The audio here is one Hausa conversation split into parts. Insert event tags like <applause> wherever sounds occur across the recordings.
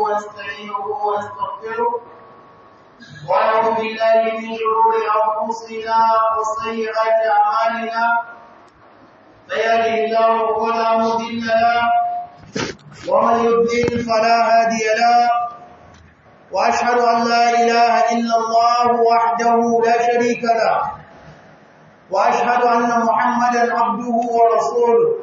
ونستعينه ونستغفره ونعوذ بالله من شرور انفسنا وسيئات اعمالنا من الله فلا مضل له ومن يضلل فلا هادي له واشهد ان لا اله الا الله وحده لا شريك له واشهد ان محمدا عبده ورسوله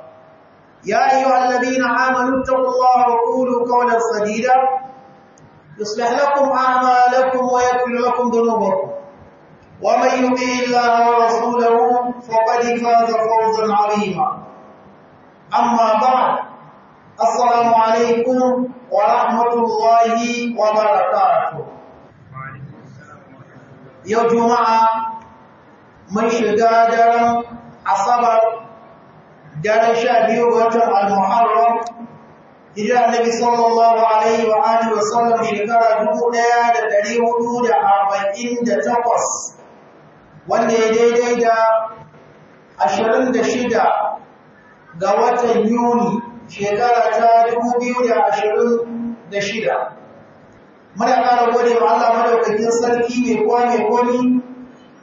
يا أيها الذين آمنوا اتقوا الله وقولوا قولا سديدا يصلح لكم أعمالكم ويكفر لكم ذنوبكم ومن يطع الله ورسوله فقد فاز فوزا عظيما أما بعد السلام عليكم ورحمة الله وبركاته يا جماعة من شجادر أصبر daren sha biyu watan al-muharram hijira annabi sallallahu alaihi wa alihi wa shekara 1448 wanda ya daidai da 26 ga watan yuni shekara ta 2026 muna ƙara gode wa Allah madaukakin sarki mai kwa mai komi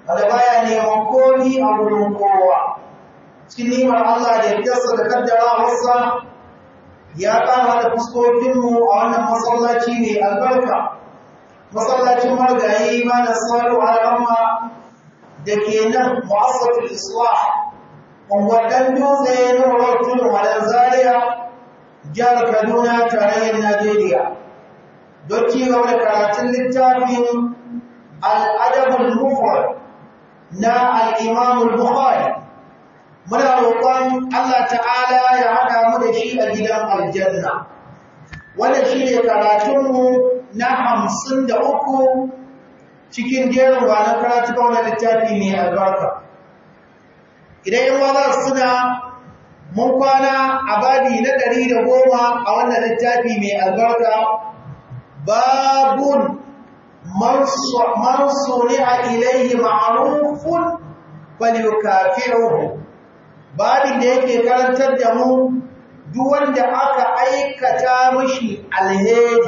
da baya neman komi a wurin kowa cikin Allah da yardarsa da kaddarawarsa ya kama da fuskokinmu a wannan masallaci mai albarka masallacin margayi malam salu al'amma da ke nan mu'assatul islah waddan dutse na rautun malam zaria jihar kaduna tarayyar najeriya don ci gaba da karatun littafin al'adabul mufrad na al'imamul Buhari. muna roƙon Allah ta'ala ya haɗa mu da shi a gidan aljanna wannan shine karatunmu na hamsin da uku cikin jerin ranar karatu ba wani littafi mai albarka idan yin wazar suna mun kwana a babi na ɗari da goma a wannan littafi mai albarka babun man ni a ilayhi ma'arufun bal yukafi'uhu babin da yake karantar da mu duk wanda aka aikata mushi alheri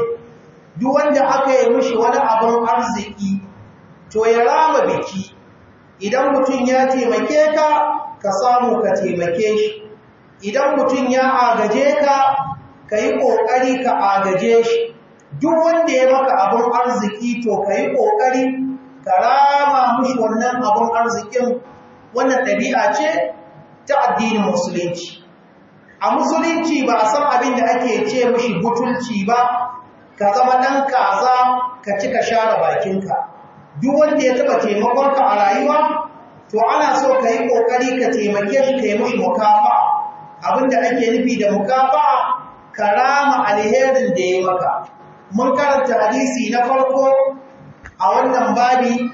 duk wanda aka yi mushi wani abin arziki to ya rama biki idan mutum ya taimake ka ka samu ka taimake shi idan mutum ya agaje ka ka yi ƙoƙari ka agaje shi duk wanda ya maka abin arziki to ka yi ƙoƙari ka rama shi wannan abin arzikin wannan ɗabi'a ce ta addinin musulunci a musulunci ba a san abin da ake ce mashi butulci ba ka zama nan kaza ka ci ka share bakinka duk wanda ya taba taimakonka a rayuwa to ana so ka yi kokari ka taimake shi ka yi mukafa abin da ake nufi da mukafa ka rama alherin da ya maka mun karanta hadisi na farko a wannan babi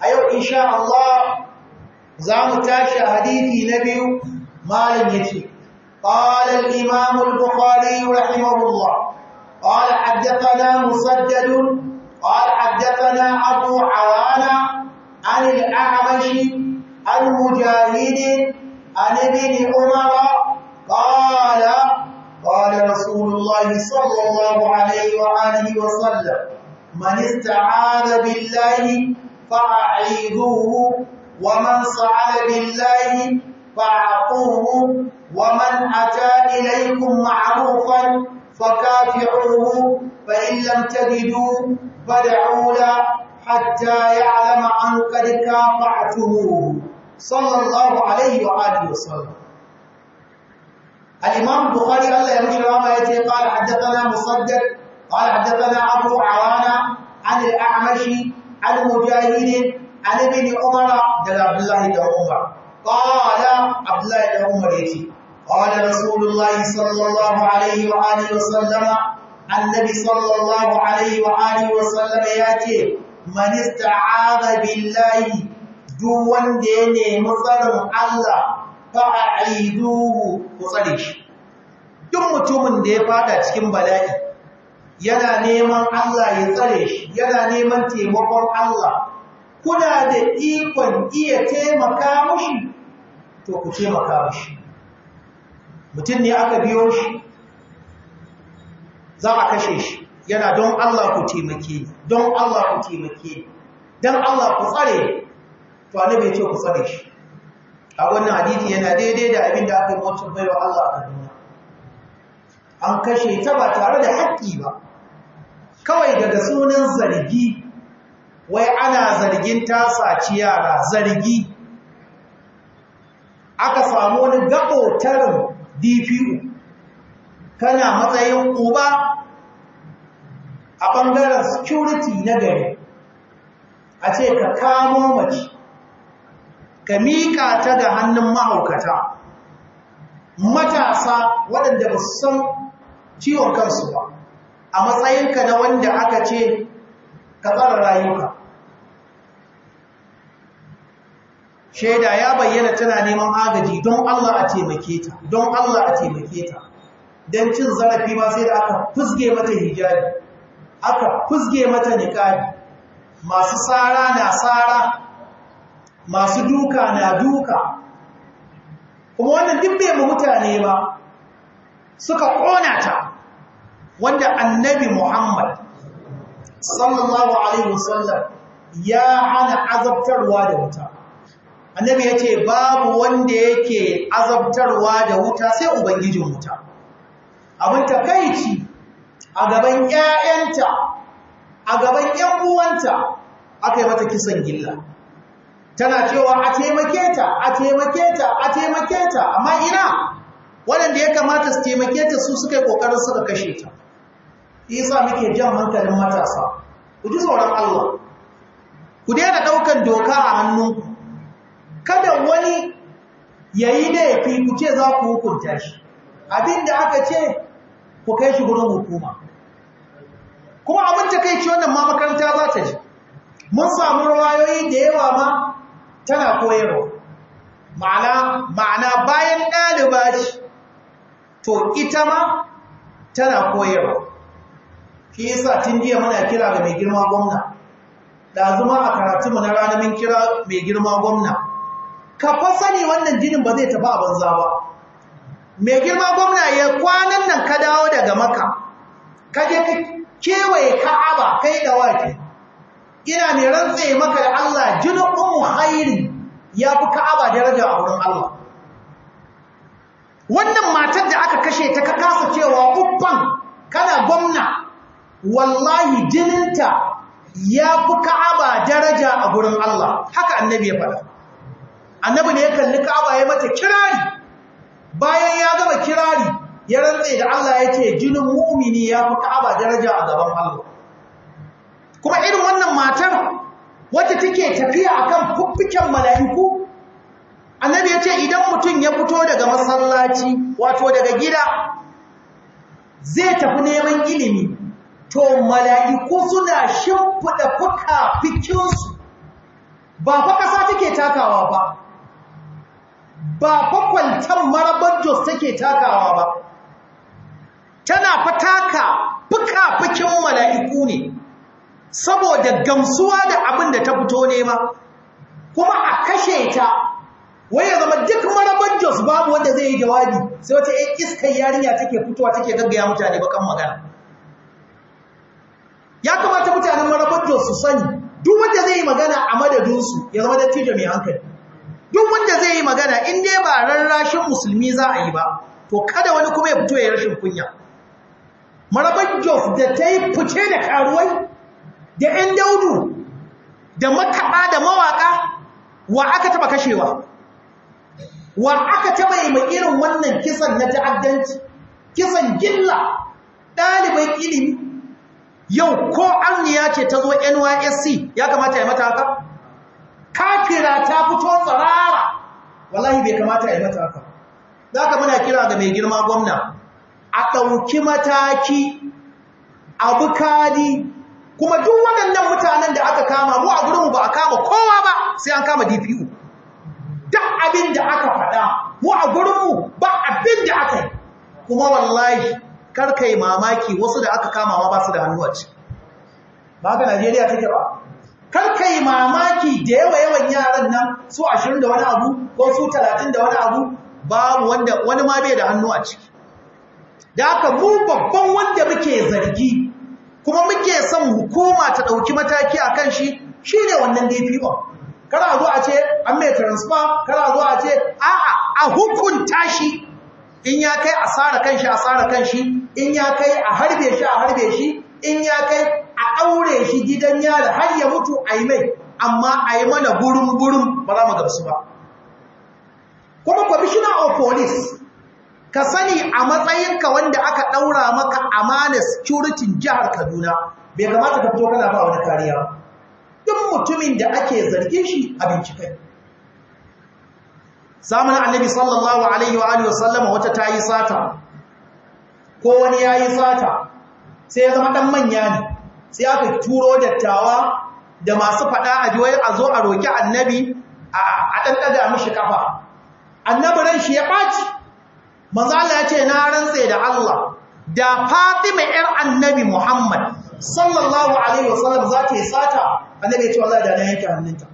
a yau insha Allah زامو تاشا حديثي نبي ما biyu malam قال الإمام البخاري رحمه الله قال حدثنا مسدد قال حدثنا أبو عوانة عن الأعمش عن مجاهد عن ابن عمر قال قال رسول الله صلى الله عليه وآله وسلم من استعاذ بالله فأعيذوه ومن صعد بالله فاعطوه ومن أتى إليكم معروفا فكافعوه فإن لم تجدوا فدعوا له حتى يعلم أن قد كافعتموه صلى الله عليه وآله وسلم الإمام البخاري الله يرحمه رحمه ياتي قال حدثنا مصدق قال حدثنا أبو عوانة عن الأعمش عن مجاهد an ibn umar daga abdullahi da umar qala abdullahi da umar yace qala rasulullahi sallallahu alaihi wa alihi wa sallama annabi sallallahu alaihi wa alihi wa sallama yace man ista'adha billahi duk wanda ya nemi tsarin Allah a'iduhu ku tsare shi duk mutumin da ya fada cikin bala'i yana neman Allah ya tsare shi yana neman taimakon Allah kuna da ikon iya taimaka mushi to ku taimaka mushi mutum ne aka biyo shi za a kashe shi yana don Allah ku taimake ni don Allah ku taimake ni don Allah ku tsare to annabi ce ku tsare shi a wannan hadisi yana daidai da abin da aka yi mutum baiwa Allah a duniya an kashe ta ba tare da haƙƙi ba kawai daga sunan zargi wai ana zargin ta saci yara zargi aka samu wani tarin DPO kana matsayin uba a ɓangaren security na gari a ce ka kamo mace ka miƙa ta ga hannun mahaukata matasa waɗanda ba su san ciwon kansu ba a matsayinka na wanda aka ce ka tsara rayuka shaida ya bayyana tana neman agaji don Allah a taimake ta don Allah a taimake ta don cin zarafi ba sai da aka fusge mata hijabi aka fusge mata niqabi masu tsara na tsara masu duka na duka kuma wannan duk mu mutane ba suka kona ta wanda annabi Muhammad sallallahu alaihi wasallam ya hana azabtarwa da wuta annabi ya ce babu wanda yake azabtarwa da wuta sai ubangijin wuta abin takaici a gaban ƴaƴanta a gaban ƴan uwanta aka mata kisan gilla tana cewa a taimake ta a taimake ta a taimake ta amma ina waɗanda ya kamata su taimake ta su suka yi ƙoƙarin suka kashe ta isa muke jan hankalin matasa ku ji tsoron Allah ku daina ɗaukan doka a hannunku kada wani ya yayi laifi ku ce za ku hukunta shi abinda aka ce ku kai shi gurin hukuma kuma abin ta kai wannan ma makaranta za ta ji mun samu rawayoyi da yawa ma tana koyarwa ma'ana ma'ana bayan ɗaliba ce to ita ma tana koyarwa shi yasa tun jiya muna kira ga mai girma gwamna da zuma a karatu na ranar kira mai girma gwamna ka sani wannan jinin ba zai tafi a banza ba mai girma gwamna ya kwanan nan ka dawo daga maka ka je ka kewaye ka'aba kai da wake ina ne rantse maka da Allah jinin ummu hairi ya fi ka'aba daraja a wurin Allah wannan matar da aka kashe ta ka kasa cewa uffan kana gwamna wallahi jininta ya fi ka'aba daraja a gurin Allah haka annabi ya faɗa annabi ne ya kalli Ka'aba ya mata kirari bayan ya gama kirari ya rantse da Allah ya ce jinin mu'mini ya fi Ka'aba daraja a gaban Allah kuma irin wannan matar wacce take tafiya akan fuffuken mala'iku annabi ya ce idan mutum ya fito daga masallaci wato daga gida zai tafi neman ilimi to mala'iku suna shimfiɗa fuka fikinsu ba fa ƙasa take takawa ba ba fakwantar marabar jos take takawa ba tana fataka fuka-fukin mala'iku ne saboda gamsuwa da abin da ta fito ne ba kuma a kashe ta waya ya zama duk marabar jos babu wanda zai yi jawabi sai wata ‘yan iskar yarinya take fitowa take gaggaya mutane bakan magana ya kamata mutanen marabar jos su sani duk wanda zai yi magana a madadinsu ya zama dattijo mai hankali duk wanda zai yi magana in dai ba rarrashin musulmi za a yi ba to kada wani kuma ya fito ya rashin kunya marabar jos da ta yi fice da karuwai da 'yan daudu da makaɗa da mawaƙa wa aka taɓa kashewa wa aka taɓa yi irin wannan kisan na ta'addanci kisan gilla ɗalibai ilimi yau ko amniya ce ta zo nysc ya kamata ya mata haka kafira ta fito tsarara. wallahi bai kamata a yi mata haka za ka muna kira ga mai girma gwamna a ɗauki mataki abu kadi kuma duk waɗannan mutanen da aka kama mu a gurinmu ba a kama kowa ba sai an kama dpu duk abin da aka faɗa mu a gurinmu ba abin da aka yi kuma wallahi karkai mamaki wasu da aka kama ma ba su da hannu a ci ba ga najeriya take ba kar yi mamaki da yawa yawan yaran nan su ashirin da wani abu ko su talatin da wani abu ba wanda wani ma bai da hannu a ciki da aka mu babban wanda muke zargi kuma muke son hukuma ta ɗauki mataki a kan shi ne wannan DPO kada zo a ce an mai transfer kada zo a ce a'a a hukunta shi in ya kai asara kanshi asara kanshi in ya kai a harbe shi a harbe shi in ya kai a aure shi gidan yari har ya mutu a yi mai amma a yi mana gurin-gurin ba za mu gamsu ba kuma kwamishina o polis, ka sani a matsayinka wanda aka ɗaura maka amana security jihar kaduna bai kamata ka fito kana ba wani kariya duk mutumin da ake zargin shi a binciken samun annabi sallallahu alaihi wa alihi wasallama wata ta yi sata ko wani ya yi sata sai ya zama ɗan manya ne sai aka turo dattawa da masu faɗa a jiwai a zo a roƙi annabi a ɗanɗaga mashi ƙafa. annabi ran shi ya ɓaci mazala ya ce na rantse da Allah da fatima ‘yar annabi Muhammad sallallahu Alaihi wasallam za ta yi sata annabi ya ce da na yanke hannunta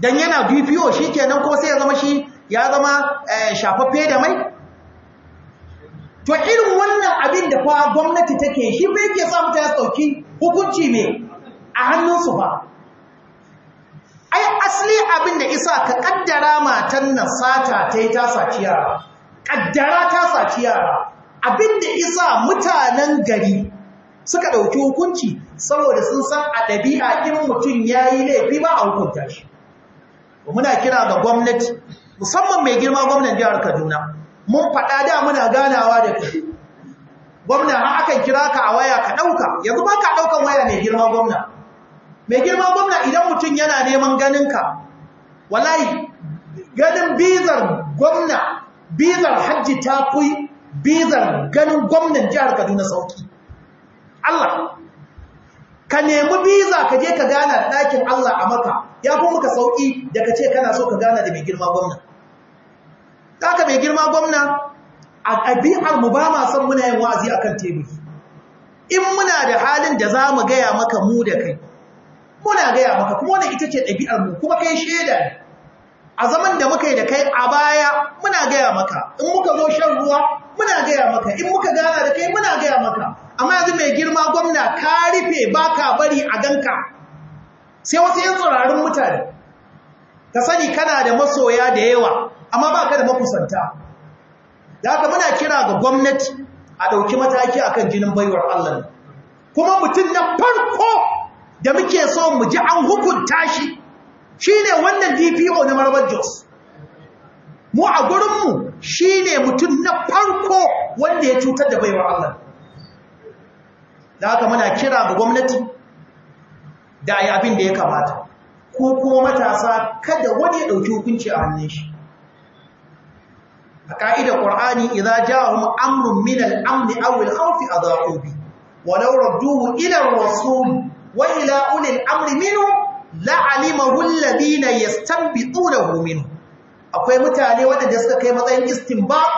don yana bibiyo shi kenan ko sai ya zama shi ya zama eh, shafaffe da mai to irin wannan abin da fa gwamnati take shi bai ke samu ta sauki hukunci ne a hannunsu ba ai asali abin da isa ka kaddara matan nan sata ta yi tasa saci yara kaddara ta saci yara abin da isa mutanen gari suka ɗauki hukunci saboda sun san a ɗabi'a in mutum ya yi laifi ba a hukunta shi muna kira ga gwamnati musamman mai girma gwamnan jihar kaduna mun faɗa da muna ganawa da kai gwamna har akan kira ka a waya ka ɗauka yanzu ba ka ɗaukan waya mai girma gwamna mai girma gwamna idan mutum yana neman ganinka wallahi ganin bizar gwamna bizar hajji ta fi bizar ganin gwamnan jihar kaduna sauki Allah ka nemi biza ka je ka gana da ɗakin Allah a maka ya fi muka sauki da ka ce kana so ka gana da mai girma gwamna kaka mai girma gwamna a ɗabi'ar mu ba ma san muna yin wazi a kan teburi in muna da halin da za mu gaya maka mu da kai muna gaya maka kuma wani ita ce ɗabi'ar mu kuma kai shaida a zaman da muka yi da kai a baya muna gaya maka in muka zo shan ruwa muna gaya maka in muka gana da kai muna gaya maka amma yanzu mai girma gwamna ka rufe baka bari a ganka sai wasu yan tsirarin mutane ka sani kana da masoya da yawa amma ba ka da makusanta da haka muna kira ga gwamnati a ɗauki mataki a kan jinin baiwar Allah kuma mutum na farko da muke so mu ji an hukunta shi shi ne wannan dpo na marabar jos mu a gurinmu shi ne mutum na farko wanda ya cutar da baiwar Allah da haka muna kira ga gwamnati da ya abin da ya kamata ko kuma matasa kada wani ya ɗauki hukunci a hannun shi Ka'ida qur'ani idza ja'ahum amrun min al-amn aw al-khawf adha'u bi wa law radduhu ila ar-rasul wa ila ulil amri minhu la'alimahu alladhina yastanbitunahu minhu akwai mutane wadanda suka kai matsayin istinbaq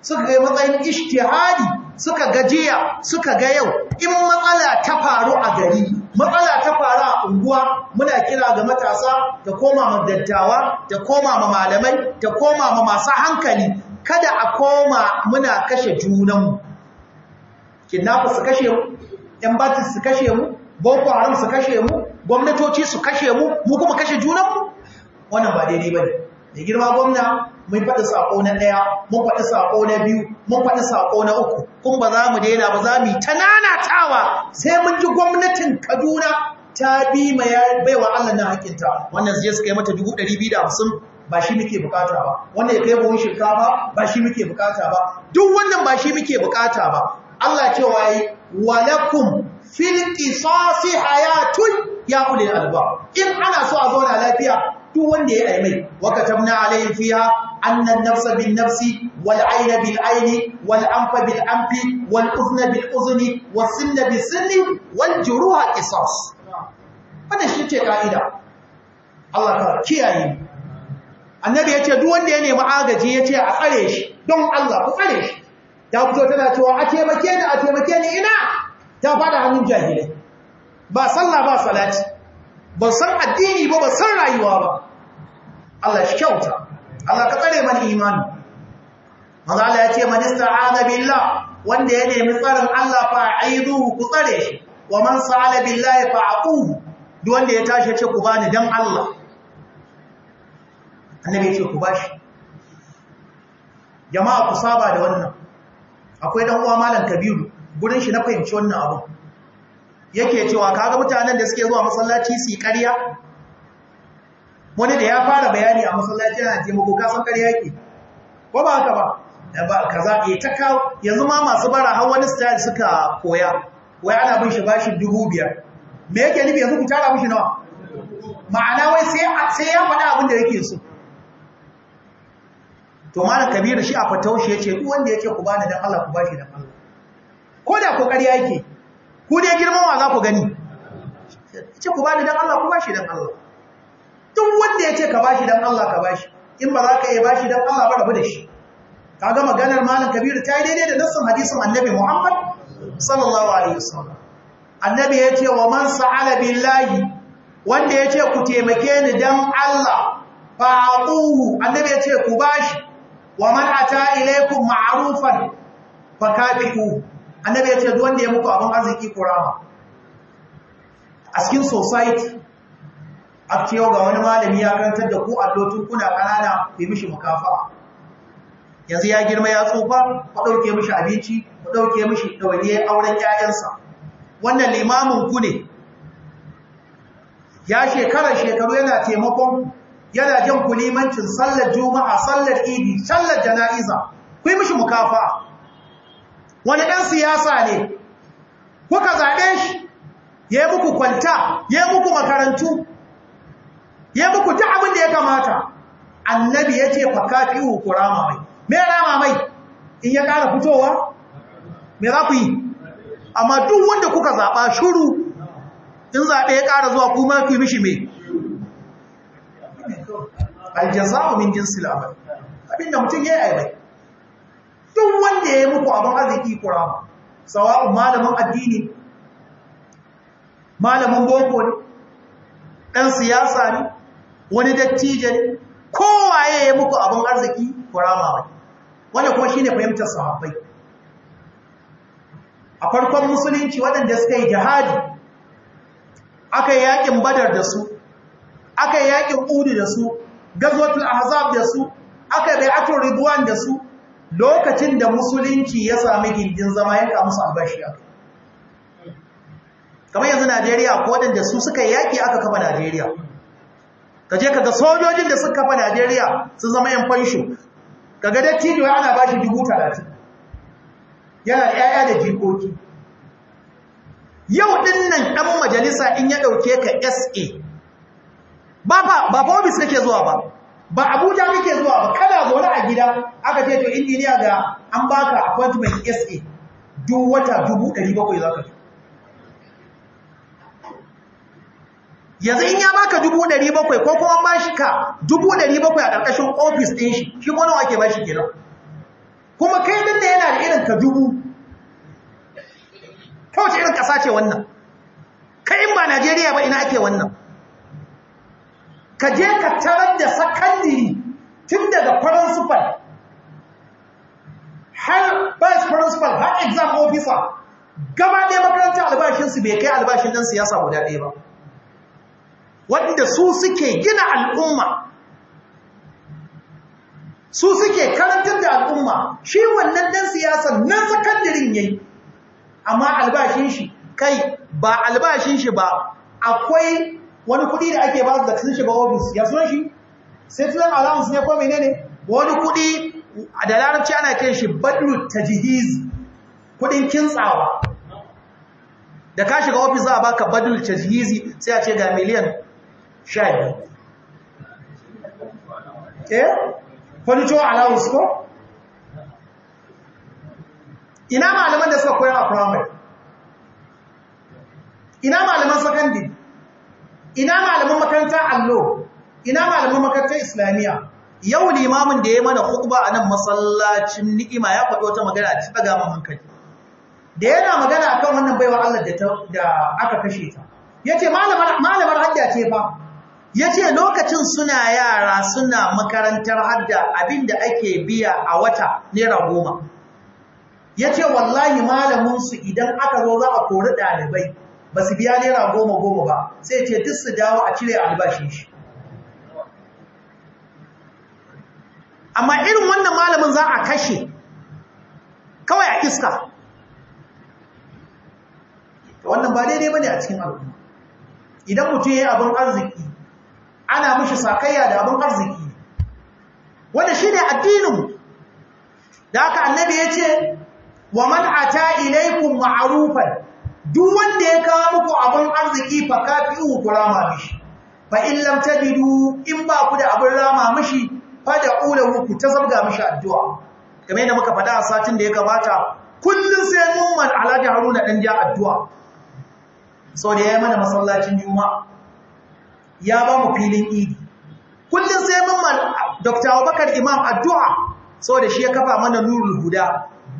suka kai matsayin ijtihadi suka gajiya suka ga yau in matsala ta faru a gari matsala ta faru a unguwa muna kira ga matasa ta koma ma dattawa ta koma ma malamai ta koma ma masu hankali kada a koma muna kashe junanmu kidnap su kashe mu yan su kashe mu boko haram su kashe mu gwamnatoci su kashe mu mu kuma kashe junanmu wannan ba daidai bane mai girma gwamna mun faɗi sako na ɗaya mun faɗi sako na biyu mun faɗi sako na uku kun ba za mu daina ba za mu yi ta sai mun ji gwamnatin kaduna ta bi ma wa Allah na hakinta wannan zai suka yi mata 250 ba shi muke bukata ba wannan ya kai buhun shinkafa ba shi muke bukata ba duk wannan ba shi muke bukata ba Allah cewa yi walakum fil qisasi hayatun ya ulil alba. in ana so a zauna lafiya duk wanda ya aimai wakatabna alayhi fiha anna an-nafsa bin-nafsi wal-ayna bil-ayni wal-anfa bil-anfi wal-udhna bil-udhni was-sinna bis-sinni wal-juruha qisas wannan shi ce ka'ida Allah ka kiyaye annabi ya ce duk wanda ya nemi agaji ya ce a tsare shi don Allah ku tsare shi ya fito tana cewa a taimake ni a taimake ni ina ta fada hannun jahilai ba sallah ba salati ba san addini ba ba san rayuwa ba Allah shi kyauta Allah ka tsare mani imani manzo Allah ya ce man ista'ana billah wanda ya nemi tsarin Allah fa aiduhu ku tsare shi wa man sa'ala billahi fa aquhu duk wanda ya tashi ya ce ku bani dan Allah annabi ya ce ku bashi jama'a ku saba da wannan akwai dan uwa malam kabiru gurin shi na fahimci wannan abu yake cewa kaga mutanen da suke zuwa masallaci su yi ƙarya wani da ya fara bayani a masallaci yana ce muku kasan ƙarya yake ko ba haka ba da ba kaza eh ta kawo yanzu ma masu bara har wani style suka koya wai ana bin shi bashin dubu biyar me yake nufi yanzu ku tara mushi nawa ma'ana wai sai ya faɗa abin da yake so to malam kabiru shi a fatawshi yace duk wanda yake ku bani dan Allah ku bashi dan Allah ko da kokari yake ku dai girman wa za ku gani ce ku bani dan Allah ku bashi dan Allah duk wanda yace ka bashi dan Allah ka bashi in ba za ka iya bashi dan Allah ba rabu da shi kaga maganar malam kabiru ta yi daidai da nassin hadisin annabi Muhammad sallallahu alaihi wasallam annabi ya ce wa man sa'ala billahi wanda ya ce ku taimake ni dan Allah fa'uhu annabi ya ce ku bashi wa man ata ilaykum ma'rufan kafiku annabi ya ce duk wanda ya muku abin arziki ku rama a cikin society a cewa ga wani malami ya karantar da ku allo tun kuna kanana ku mishi mukafa yanzu ya girma ya tsufa ku dauke mishi abinci ku dauke mishi dawaye auren ƴaƴansa wannan limamin ku ne ya shekara shekaru yana taimakon yana jan ku limancin sallar juma'a sallar idi sallar jana'iza ku yi mishi mukafa wani ɗan siyasa ne kuka zaɓe shi ya yi muku kwanta, ya yi muku makarantu ya yi muku ta abin da ya kamata annabi ya ce faka fiwu ku rama mai me rama mai in ya ƙara fitowa me za ku yi amma duk wanda kuka zaɓa shuru in zaɓe ya ƙara zuwa kuma fi mishi mai. Aljazawa min jinsil amal abinda mutum ya yi mai duk wanda ya yi muku abin arziki kura sawa'un malamin addini malamin boko ne ɗan siyasa ne wani dattijo ne kowa ya yi muku abin arziki kurama mai wanda kuma ne fahimtar sahabbai a farkon musulunci waɗanda suka yi jihadi aka yi yaƙin badar da su aka yi yaƙin udu da su gazwatul ahzab da su aka yi atul ribuwan da su lokacin da musulunci ya sami gindin zama ya kamu su albashi kamar yanzu Najeriya ko waɗanda su suka yaƙi aka kafa Najeriya ka je ka ga sojojin da suka kafa Najeriya sun zama yan fansho ka ga dattijo ana bashi dubu talatin yana ƴaƴa da jikoki yau din nan ɗan majalisa in ya ɗauke ka SA ba ba ba office kake zuwa ba ba Abuja kake zuwa ba kada zaune a gida aka ce to injiniya ga an baka appointment SA duk wata 700 ka ci yanzu in ya baka 700 ko kuma ba shi ka 700 a ƙarƙashin ofis ɗin shi shi wani wake ba shi gina kuma kai din da yana da irin ka dubu ta irin ƙasa ce wannan kai in ba Najeriya ba ina ake wannan ka je ka tarar da sakandiri tun daga principal har vice principal har exam officer gaba ɗaya makarantar albashinsu bai kai albashin ɗan siyasa guda ɗaya ba wanda su suke gina al'umma su suke karantar da al'umma shi wannan dan siyasar na sakandirin yayi amma albashin shi kai ba albashin shi ba akwai wani kuɗi da ake ba su da sun shiga ofis ya suna shi settlement allowance ne ko menene wani kuɗi da larabci ana kai shi badru jihizi, kuɗin kintsawa da ka shiga ofis za a baka badru jihizi, sai a ce ga miliyan sha eh? furniture allowance ko ina malaman da suka koya a primary ina malaman secondary ina malaman makarantar allo ina malaman makarantar islamiyya yau limamin da ya mana hukuba a nan masallacin ni'ima ya faɗo ta magana a ci ɗaga man hankali da yana magana akan wannan baiwa Allah da aka kashe ta Ya ce malamar hajja ce fa ya ce lokacin suna yara suna makarantar hadda abinda ake biya a wata naira goma ya ce wallahi malaminsu idan aka zo za a kori ɗalibai ba su biya naira goma goma ba sai ce duk su dawo a cire albashin shi amma irin wannan malamin za a kashe kawai a iska wannan ba daidai ba ne a cikin al'umma idan mutum ya yi abin arziki ana mishi sakayya da abin arziki wanda shine addinin da haka annabi ce wa man ata ilaykum ma'rufan duk wanda ya kawo muku abin arziki fa kafi'u kurama mishi fa in lam tajidu in ba ku da abin rama mishi fa da ula ku zabga mishi addu'a kamar yadda muka faɗa a satin da ya gabata kullun sai mun man alhaji haruna dan ja addu'a sau da ya mana masallacin juma'a ya ba mu filin idi kullum sai mun mal Dr. Abubakar Imam addu'a saboda shi ya kafa mana nurul huda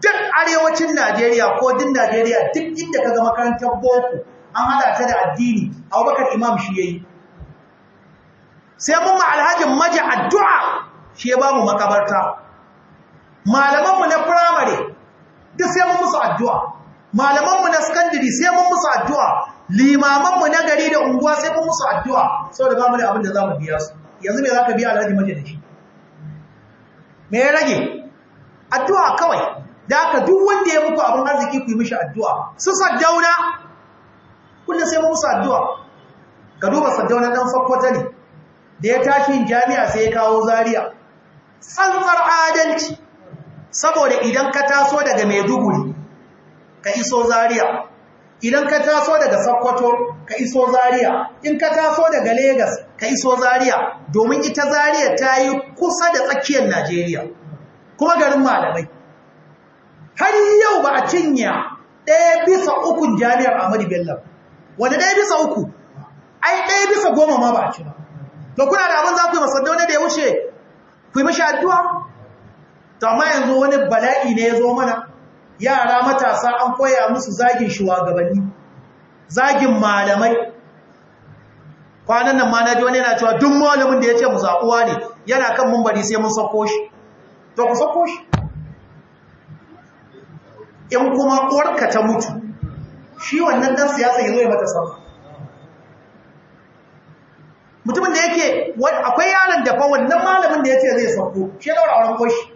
duk arewacin Najeriya ko din Najeriya duk inda ka ga makarantar boko an hada ta da addini Abubakar Imam shi yayi sai mun ma alhajin maji addu'a shi ya ba mu makabarta malaman mu na primary duk sai mun musu addu'a malaman mu na secondary sai mun musu addu'a limamanmu na gari da unguwa sai mun musu addu'a saboda ba mu da abin da za mu biya su yanzu me za ka biya alhaji mace da shi me ya rage addu'a kawai da haka duk wanda ya muku abin arziki ku yi mishi addu'a su saddauna kullum sai musu addu'a ka duba saddauna ɗan fakwata ne da ya tashi jami'a sai ya kawo zariya tsantsar adalci saboda idan ka taso daga maiduguri ka iso zariya idan ka taso daga Sokoto ka iso Zaria in ka taso daga Lagos ka iso Zaria domin ita Zaria ta yi kusa da tsakiyar Najeriya kuma garin malamai har yau ba a cinya ɗaya bisa uku jami'ar Ahmadu Bello wanda ɗaya bisa uku ai ɗaya bisa goma ma ba a ci ba to kuna da abin za ku yi masaddau da ya wuce ku yi mashi addu'a to amma yanzu wani bala'i ne ya zo mana yara matasa an koya musu zagin shugabanni zagin malamai kwanan nan ma na ji wani yana cewa duk malamin da ya ce mu ne yana kan mumbari sai mun sako shi to ku sako shi in kuma ƙorka ta mutu shi wannan ɗan siyasa ya ya mata sama mutumin da yake akwai yaron da fa wannan malamin da ya ce zai sako shi ya daura auren koshi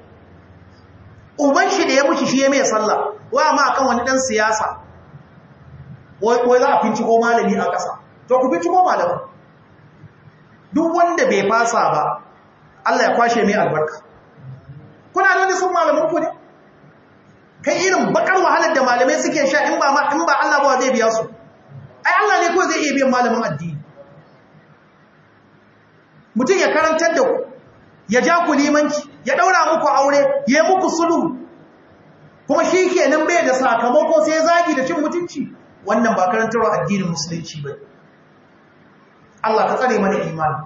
uban shi da ya mutu shi ya mai sallah wa ma akan wani dan siyasa wai za a finciko malami a ƙasa to ku finciko malamin duk wanda bai fasa ba Allah ya kwashe mai albarka kuna da sun malamin ku ne kai irin bakar wahalar da malamai suke sha in ba in ba Allah ba zai biya su ai Allah ne kuwa zai iya biyan malamin addini mutum ya karantar da ku ya ja ku limanci ya daura muku aure ya yi muku sulhu kuma shi ke nan bai da sakamako sai zagi da cin mutunci wannan ba karantarwa addinin musulunci ba Allah ka tsare mana imani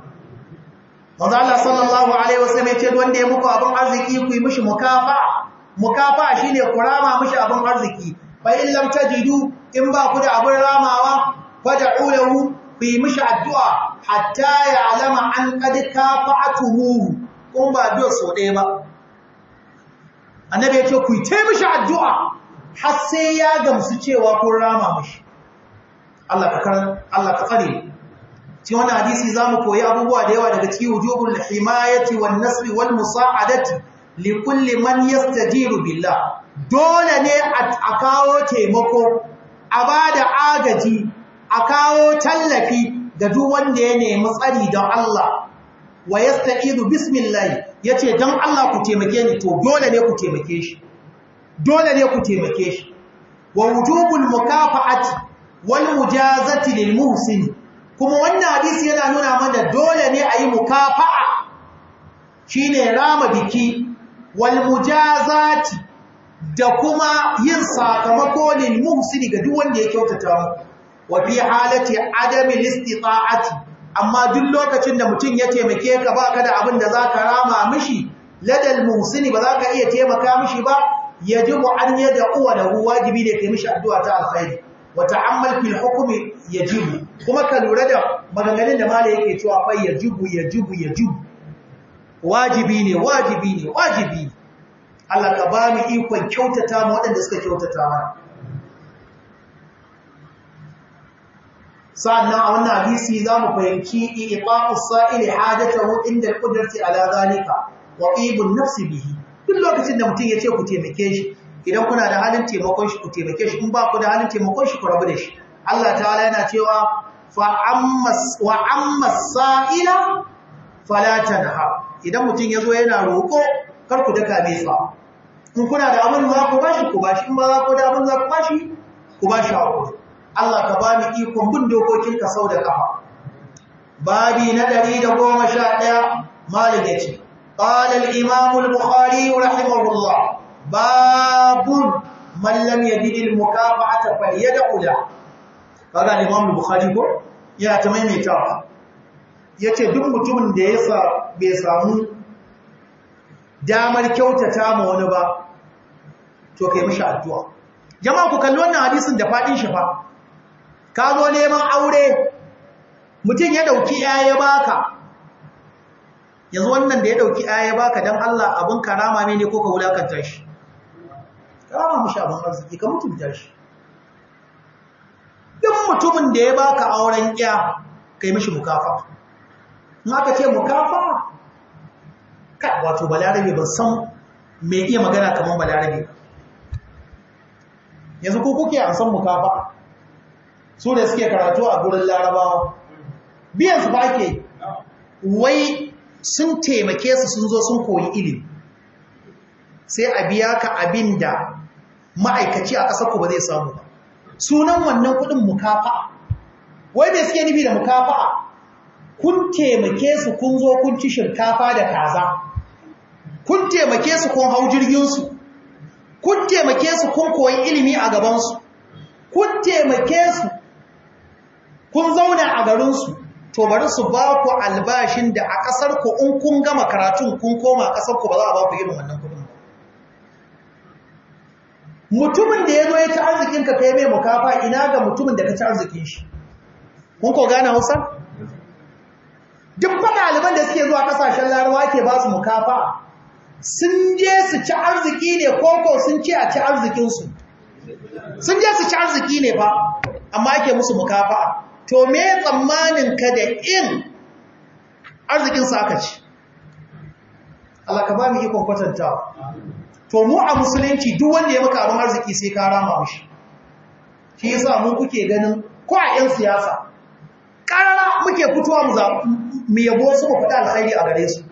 wanda Allah sallallahu alaihi wasallam ya ce wanda ya muku abin arziki ku yi mishi mukafa mukafa shine ku rama mishi abin arziki fa in lam tajidu in ba ku da abin ramawa fad'u lahu ku yi mishi addu'a hatta yalama an qad kafa'atuhu kuma ba biyo sau ɗaya ba annabi ya ce ku yi mishi addu'a har sai ya gamsu cewa ko rama mashi Allah ka tsare ci wani hadisi za mu koyi abubuwa da yawa daga cikin wujubun himayati wal nasri wal musa'adati li kulli man yastajiru billah dole ne a kawo taimako a ba da agaji a kawo tallafi ga duk wanda ya nemi tsari don Allah wa yasta'idu bismillah yace dan Allah ku taimake ni to dole ne ku taimake shi dole ne ku taimake shi wa wujubul mukafa'ati wal mujazati lil muhsin kuma wannan hadisi yana nuna mana dole ne a ayi mukafa'a shine rama biki wal mujazati da kuma yin sakamako lil muhsin ga duk wanda ya kyautata wa bi halati adami listita'ati amma duk lokacin da mutum ya taimake ka baka da abin da za ka rama mishi ladal musini ba ka iya taimaka mishi ba yajibu an yada uwa da wajibi ne kai mishi addu'a ta alkhairi wata ta'ammal fil hukmi yajibu kuma ka lura da maganganun da malai yake cewa ya jibu ya jibu. wajibi ne wajibi ne wajibi Allah ka ba mu ikon kyautata mu waɗanda suka kyautata mana sannan a wannan hadisi za mu fahimci iqaqus sa'ili hajatahu inda al-qudrati ala zalika wa qibun nafsi bihi duk lokacin da mutum ya ce ku taimake shi idan kuna da halin taimakon shi ku taimake shi in ba ku da halin taimakon shi ku rabu da shi Allah ta'ala yana cewa fa ammas wa ammas sa'ila fala tanha idan mutum yazo yana roko kar ku daka mai tsawa in kuna da abin za ku bashi ku bashi in ba za ku da abin za ku bashi ku bashi a Allah ka bani ikon bin dokokin ka sau da kafa babi na 111 malik yace قال الإمام Babu رحمه الله باب من لم يجد المكافأة فليدع له kaga Imam Bukhari ko ya ta Ya yace duk mutumin da ya sa bai samu damar kyautata ma wani ba to kai mashi addu'a jama'a ku kalli wannan hadisin da faɗin shi ba. ka zo neman aure mutum ya dauki ya baka yanzu wannan da ya dauki ya baka don Allah abin karama ne ko ka wulakanta shi karama mushi abin arziki ka mutunta shi duk mutumin da ya baka auren ya kai mishi mukafa in aka ce mukafa kai wato balarabe ban san mai iya magana kamar balarabe yanzu ko kuke an san mukafa su da suke karatu a gurin larabawa biyan su ba wai sun taimake su sun zo sun koyi ilimi sai a biya ka abin da ma'aikaci a ƙasar ku ba zai samu ba sunan wannan kuɗin mukafa'a wai mai suke nufi da mukafa'a kun taimake su kun zo kun ci shinkafa da kaza kun taimake su kun hau jirginsu kun taimake su kun koyi ilimi a gabansu kun taimake su kun zauna a garinsu to bari su ba ku albashin da a ƙasarku in kun gama karatun kun koma ƙasarku ba za a ba ku irin wannan kudin ba mutumin da ya zo ya ci arzikinka kai mai mukafa ina ga mutumin da ka ci arzikin shi kun ko gane hausa duk ba ɗaliban da suke zuwa ƙasashen larawa ke ba su mukafa sun je su ci arziki ne koko sun ce a ci arzikinsu sun je su ci arziki ne fa, amma ake musu mukafa to me tsammanin ka da in arzikin sa aka ci Allah ka ba mu iko kwatanta to mu a musulunci duk wanda ya maka abin arziki sai ka rama mishi shi yasa mu kuke ganin ko a yan siyasa karara muke fitowa mu mu yabo su ku fada alkhairi a gare su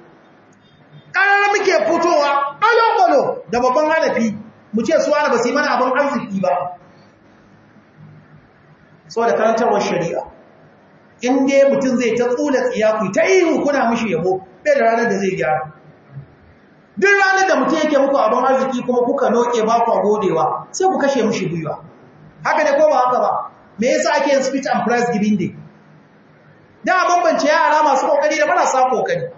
karara muke fitowa alo-alo da babban hanafi mu ce su wani ba su yi mana abin arziki ba saboda karantarwar shari'a in dai mutum zai ta tsula tsiyaku ta ihu kuna mishi yabo bai da ranar da zai gyara duk ranar da mutum yake muku abin arziki kuma kuka noke ba ku godewa sai ku kashe mishi gwiwa haka ne ko ba haka ba me yasa ake yin speech and press giving day da bambance yara masu kokari da marasa kokari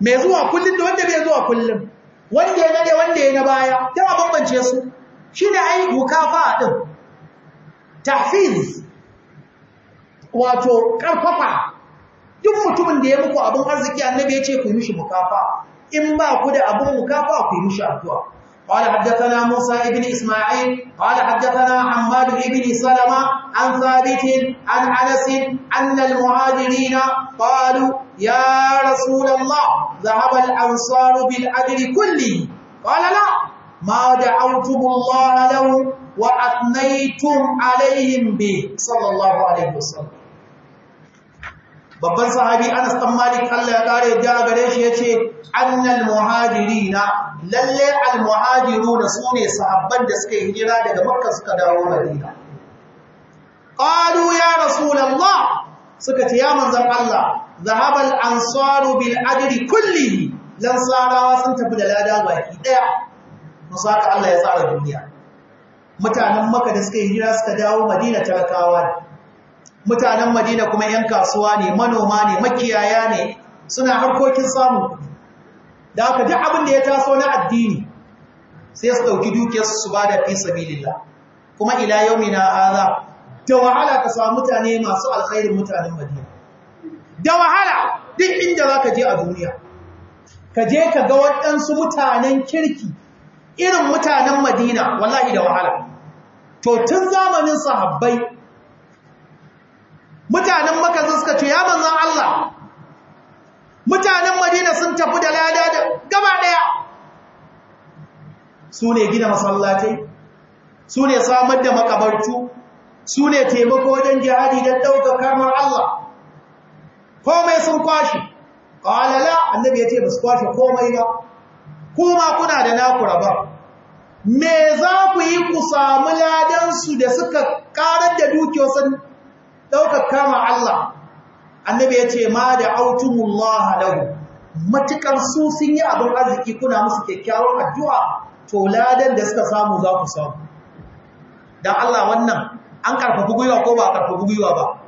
mai zuwa kullum da wanda bai zuwa kullum wanda ya nade wanda ya na baya da bambance su shine ai a din tahfiz wato karfafa duk mutumin da ya muku abin arziki annabi ya ce ku yi mishi mukafa in ba ku da abin mukafa ku yi mishi addu'a قال حدثنا موسى ابن إسماعيل قال حدثنا حماد ابن سلمة عن ثابت عن أنس أن المهاجرين قالوا يا رسول الله ذهب الأنصار بالأجر كله قال لا ما دعوتم الله له wa athnaytum alaihim bi sallallahu alaihi wasallam babban sahabi Anas dan Malik Allah ya kare da gare shi yace annal muhajirina lalle al muhajiruna sune sahabban da suka hijira daga Makka suka dawo Madina qalu ya rasulullah suka ce ya manzon Allah zahabal ansaru bil ajri kullihi lansarawa sun tafi da lada baki daya musaka Allah ya tsara duniya mutanen maka da suka yi hira suka dawo madina talakawa mutanen madina kuma 'yan kasuwa ne manoma ne makiyaya ne suna harkokin samun da aka duk abin da ya taso na addini sai su ɗauki dukiyarsu su ba da fi sabilillah kuma ila yaumi na aza da wahala ka samu mutane masu alkhairin mutanen madina da wahala duk inda za ka je a duniya ka je ka ga waɗansu mutanen kirki irin mutanen madina wallahi da wahala to tun zamanin sahabbai mutanen maka suka ce ya manzan Allah mutanen madina sun tafi da lada da gaba daya su ne gina masallatai su ne samar da makabartu su ne taimako wajen jihadi don ɗauka karnar Allah komai sun kwashi ƙwalala annabi ya ce ba su kwashe komai ba kuma kuna da naku ba? me za ku yi ku samu ladansu da suka karar da sun ɗauka kama Allah annabi ya ce ma da autumullah lahu matukar su sun yi abin arziki kuna musu kyakkyawar addu'a to ladan da suka samu za ku samu dan Allah wannan an karfafi gwiwa ko ba karfafi gwiwa ba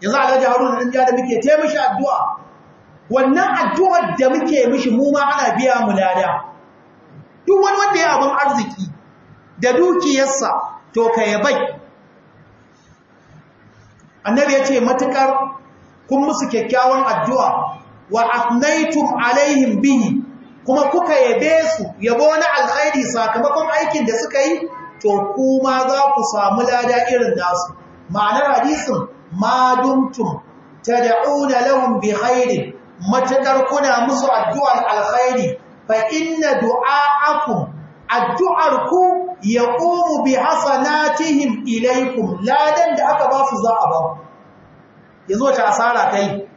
yanzu alhaji haruna jiya da muke taimashi addu'a wannan addu'ar da muke mishi mu ma ana biya mu lada duk wani wanda ya abin arziki da dukiyarsa to ka yabai annabi ya ce matukar kun musu kyakkyawan addu'a wa afnaitum alaihim bihi kuma kuka yabe su yabo na alkhairi sakamakon aikin da suka yi to kuma za ku samu lada irin nasu ma'anar hadisin ma dumtum tad'una lahum bi khairin matakar kuna musu addu'ar alkhairi fa inna ku ya yaqumu bi hasanatihim ilaykum ladan da aka ba su za a ba yanzu ta asara kai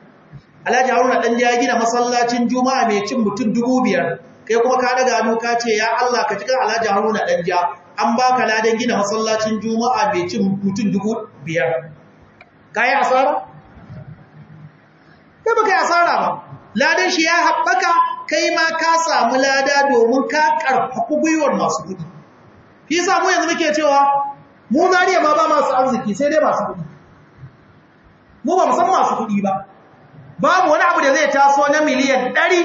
Alhaji Haruna dan ya gina masallacin Juma'a mai cin mutum 2500 kai kuma ka daga hannu ka ce ya Allah ka cika Alhaji Haruna dan an baka dan gina masallacin Juma'a mai cin mutum asara kai asara ba ladan shi ya haɓaka. kai ma ka samu lada domin ka karfafi gwiwar masu kudi shi yasa mu yanzu muke cewa mu zariya ma ba masu arziki sai dai masu kudi mu ba mu masu kudi ba babu wani abu da zai taso na miliyan ɗari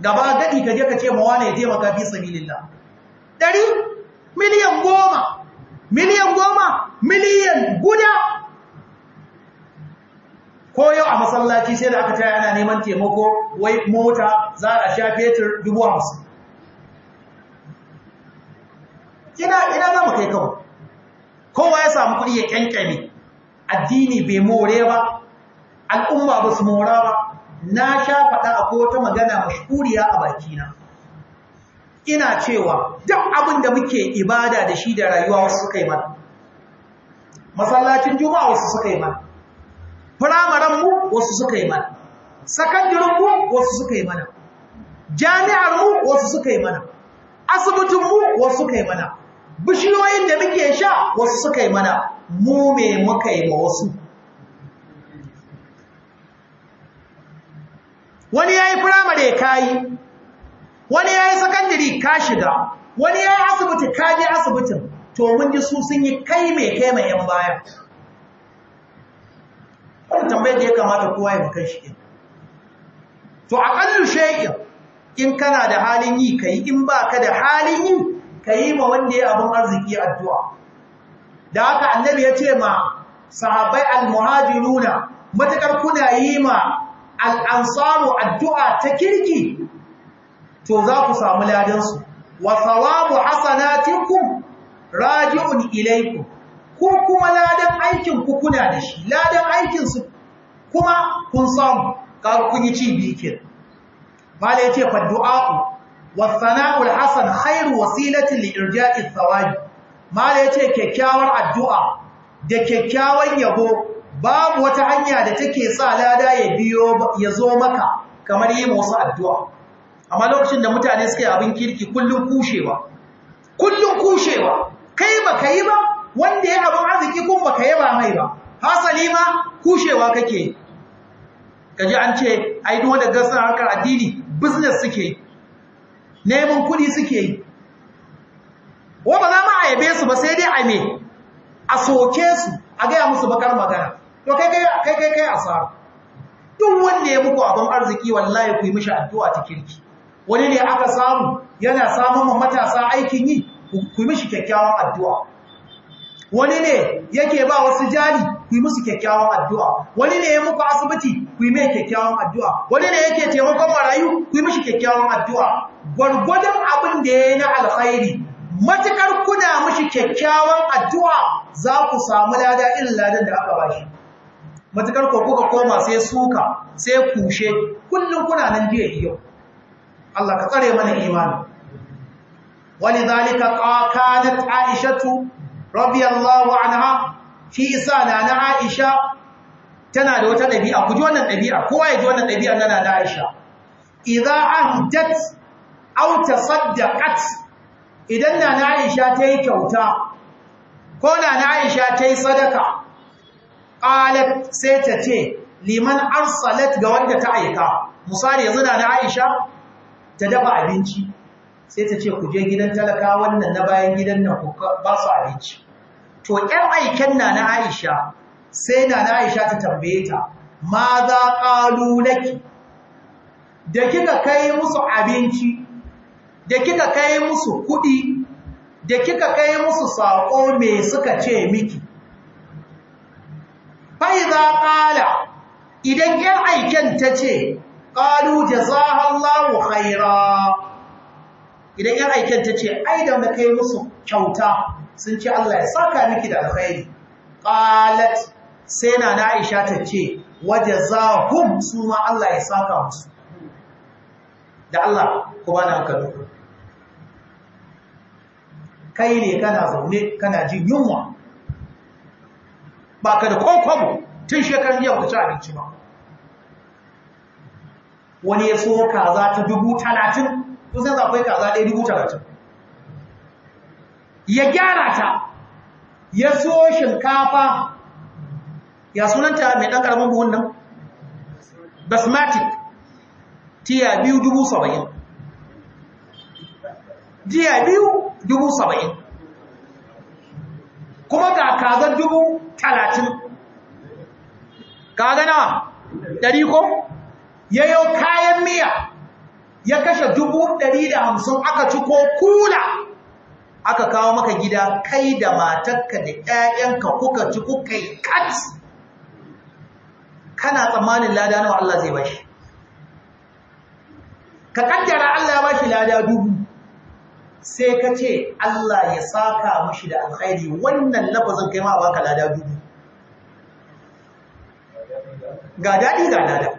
gaba gaɗi kaje ka ce na ya taimaka fi sabilillah Ɗari, miliyan goma, miliyan goma, miliyan guda a masallaci sai da aka taya ana neman taimako wai mota za a sha fetur dubu hamsin ina ina za mu kai kawo kowa ya samu kuɗi ya kyankyame addini bai more ba al'umma ba su mora ba na sha faɗa a ta magana mashuriya a bakina ina cewa duk abin da muke ibada da shi da rayuwa wasu suka yi mana masallacin juma'a wasu suka yi mana firamaren mu wasu suka yi mana sakandirinmu wasu suka yi mana jami'armu mu wasu suka yi mana asibitinmu wasu suka yi mana bishiyoyin da muke sha wasu suka yi mana mu me muka yi ma wasu wani ya yi firamare ka yi wani ya yi sakandiri ka shiga wani ya yi asibiti ka je asibitin to mun ji su sun yi kai mai kai ma 'yan baya wannan tambayar da ya kamata kowa ya makan shi to aqallu shay'in in kana da halin yi kai in baka da halin yi kai ma wanda ya abun arziki addu'a da haka annabi ya ce ma sahabbai al-muhajiruna matakar kuna yi ma al-ansaru addu'a ta kirki to za ku samu ladan su wa thawabu hasanatikum raji'un ilaykum ko kuma ladan aikin ku kuna da shi ladan aikin su kuma kun samu kaga kun yi ci bikin. ke mala yace fa du'a'u wa hasan khairu wasilati li irja'i thawabi yace kyakkyawar addu'a da kyakkyawan yabo babu wata hanya da take sa lada ya biyo ya zo maka kamar yi wasu addu'a amma lokacin da mutane suka yi abin kirki kullum kushewa kullum kushewa kai baka yi ba wanda ya abin arziki kun baka yaba mai ba hasali ma kushewa kake kaji an ce ai duk wanda gasar harkar addini business suke neman kuɗi suke yi wa ba za mu a su ba sai dai a me a soke su a gaya musu bakar magana to kai kai kai kai asara duk wanda ya muku abin arziki wallahi ku yi mishi addu'a ta kirki wani ne aka samu yana samun matasa aikin yi ku yi mishi kyakkyawan addu'a wani ne yake ba wasu jari ku yi musu kyakkyawan addu'a wani ne ya muku asibiti ku yi mai kyakkyawan addu'a wani ne yake taimakon marayu ku yi mashi kyakkyawan addu'a gwargwadon abin da ya yi na alkhairi matukar kuna mashi kyakkyawan addu'a za ku samu lada irin ladan da aka bashi matukar ko kuka koma sai suka sai kushe kullum kuna nan jiya yau Allah ka tsare mana imani wani zalika kanat aishatu radiyallahu anha shi isa na na Aisha tana da wata ɗabi'a ku ji wannan ɗabi'a kowa ya ji wannan ɗabi'a na na Aisha idza ahdat aw tasaddaqat idan na na Aisha ta yi kyauta ko na na Aisha ta yi sadaka qalat sai ta ce liman arsalat ga wanda ta aika misali yanzu na na Aisha ta dafa abinci sai ta ce ku je gidan talaka wannan na bayan gidan nan ku ba su abinci to 'yan aiken na na Aisha sai na na Aisha ta tambaye ta ma za ƙalu laki da kika kai musu abinci da kika kai musu kuɗi da kika kai musu saƙo me suka ce miki Fai za ƙala idan ‘yan aiken ta ce ƙalu jazahallahu khaira idan yan aiken ta ce ai da muka yi musu kyauta sun ce Allah ya saka miki da alkhairi qalat sai na Aisha ta ce wajazahum su ma Allah ya saka musu da Allah ku bana ka duka kai ne kana zaune kana jin yunwa ba ka da kwakwabo tun shekarun yau ka ci abinci ba wani ya so kaza ta dubu talatin kusan za akwai kaza ɗaya dubu talatin ya gyara ta ya so shinkafa ya sunanta mai ɗan ƙaramin buhun nan basmatic tiya biyu dubu saba'in tiya biyu dubu saba'in kuma ga kazan dubu talatin kaga nawa ɗari ko yayo kayan miya ya kashe dubu ɗari da hamsin aka ci ko kula aka kawo maka gida kai da matarka da ‘ya'yanka kuka ci kuka yi kat kana tsammanin lada nawa Allah zai bashi ka kaddara Allah ya bashi lada dubu sai ka ce Allah ya saka mushi da alkhairi wannan lafazin kai ma baka lada dubu ga daɗi ga dada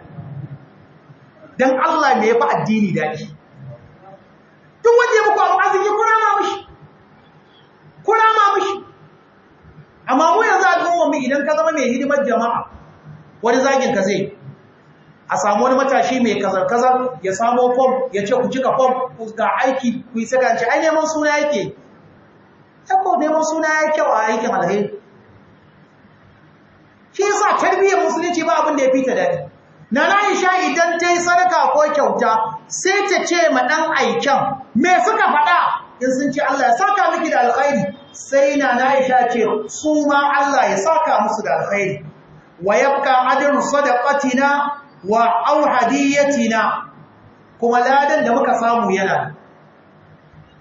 dan Allah ne ya fi addini daɗi duk wanda ya muku abu arziki kura ma mushi, kura ma mushi. amma mu yanzu a kan wani idan ka zama mai hidimar jama'a wani zagin ka zai a samu wani matashi mai kazar-kazar ya samu form ya ce ku cika form ku ga aiki ku yi ce, ai neman suna yake yako neman suna ya kyau a aikin alheri shi yasa tarbiyyar musulunci ba abin da ya fita daɗi na Aisha idan ta yi sadaka ko kyauta sai ta ce ma ɗan aiken me suka faɗa in sun ce Allah ya saka miki da alkhairi sai na Aisha ce su ma Allah ya saka musu da alkhairi wa yabqa ajrun sadaqatina wa aw hadiyatina kuma ladan da muka samu yana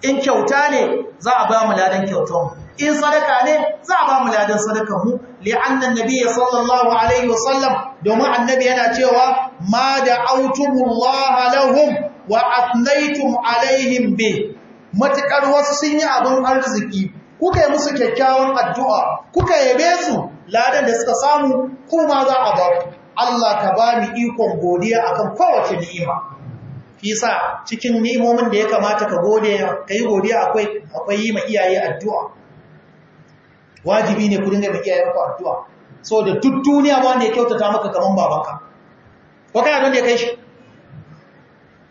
in kyauta ne za a ba mu ladan kyautar in sadaka ne za a ba mu ladan sadaka mu li'annan nabiyyi sallallahu alaihi wasallam domin annabi yana cewa ma da autumullaha lahum wa athnaytum alaihim bi matakar wasu sun yi abin arziki kuka yi musu kyakkyawan addu'a kuka yabe su ladan da suka samu kuma za a ba Allah ka ba ni ikon godiya akan kowace ni'ima fisa cikin ni'imomin da ya kamata ka gode ka godiya akwai akwai yi ma iyaye addu'a wajibi ne ku dinga da iyayenku addu'a so da tuttuniya ba ne kyautata maka kamar babanka ko kai don ne kai shi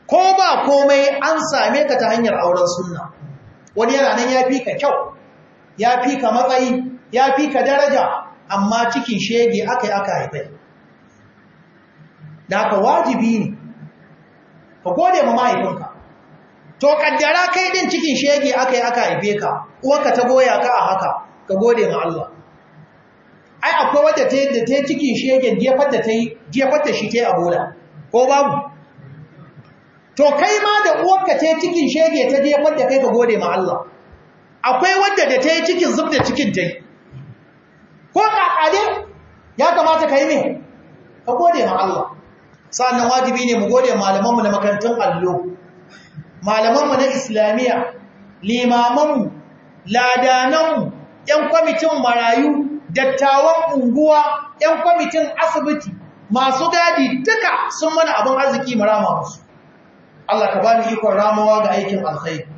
ko ba komai an same ka ta hanyar auren sunna wani yana nan ya fi ka kyau ya fi ka matsayi ya fi ka daraja amma cikin shege aka yi aka haifai da aka wajibi ne ka gode ma mahaifinka to kaddara kai din cikin shege aka yi aka haife ka uwarka ta goya ka a haka ka gode ma Allah ai akwai wata ta yadda ta yi cikin shegen jefar da ta yi shi ta yi a bola ko babu to kai ma da uwarka ta yi cikin shege ta jefata da kai ka gode ma Allah akwai wadda da ta yi cikin zub da cikin ta yi ko ƙaƙare ya kamata ka yi ne ka gode ma Allah sa'annan wajibi ne mu gode malamanmu na makarantun allo malamanmu na islamiyya limamanmu ladananmu ‘yan kwamitin marayu, dattawan unguwa, ‘yan kwamitin asibiti, masu gadi duka sun mana abin arziki marama musu. Allah ka ba ni ikon ramawa ga aikin alkhai.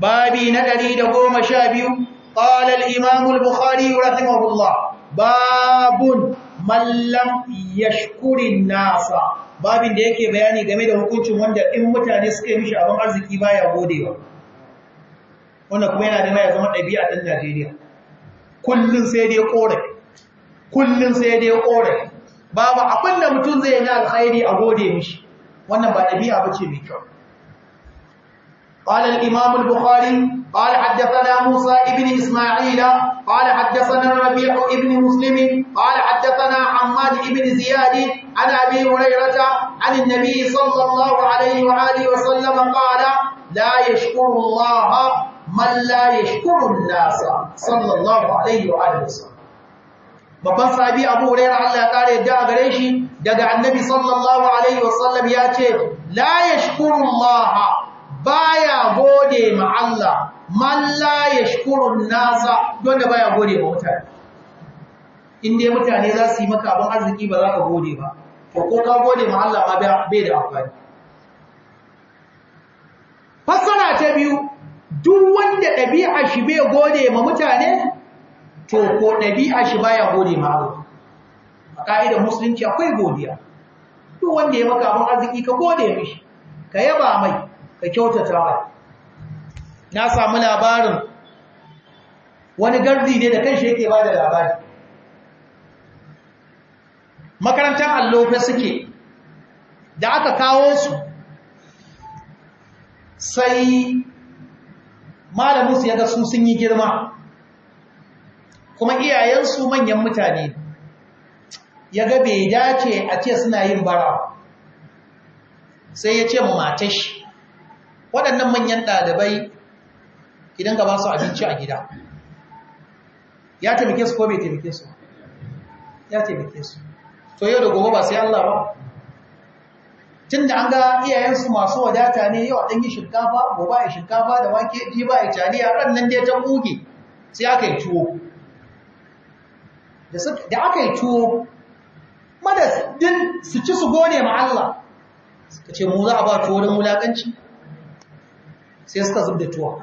Babi na ɗari da goma sha biyu, ƙalal imamul Bukhari rahimahullah, babun mallam yashkurin nasa, babin da yake bayani game da hukuncin wanda in mutane suka yi mishi abin arziki baya godewa. wanda kuma yana da ya zama ɗabi'a ɗan Najeriya Kullum sai dai korafi Kullum sai dai korafi babu abin da mutum zai yi alkhairi a gode mishi wannan ba ɗabi'a ba ce mai kyau قال الإمام البخاري قال حدثنا موسى ابن إسماعيل قال حدثنا الربيع ابن مسلم قال حدثنا حماد ابن زياد عن أبي هريرة عن النبي صلى الله عليه وآله وسلم قال لا يشكر الله Malla ya shukurun nasa sallallahu alaihi wa alihi wasallam babban sahabi Abu Hurairah Allah ya ƙara yadda a gare shi daga Annabi sallallahu alaihi wasallam ya ce la yashkurun ba ya gode ma Allah man la yashkurun nasa ba ya gode ma mutane in dai mutane za su yi maka abin arziki ba za ka gode ba to ko ka gode ma Allah ma bai da amfani fassara ta biyu duk ɗabi'a shi bai gode ma mutane to ko ɗabi'a shi baya gode ma a ka'idar musulunci akwai godiya duk wanda ya maka abin arziki ka gode mishi ka yaba mai ka kyautata mai na samu labarin wani gardi ne da kanshi yake ba da labari makarantar allofe suke da aka kawo su sai malamin su yaga su sun yi girma kuma iyayensu manyan mutane yaga bai dace a ce suna yin bara sai ya ce mu matashi waɗannan manyan ɗalibai idan ka ba su abinci a gida ya taimake su ko bai taimake su ya taimake su to yau da gobe ba sai Allah ba tun da an ga iyayensu masu wadata ne yau a yi shinkafa gobe yi shinkafa da wake ɗi ba ya taliya ran nan dai ta sai aka yi tuwo da aka yi tuwo din su ci su gone ma Allah suka ce mu za a ba tuwo don wulaƙanci sai suka zub da tuwo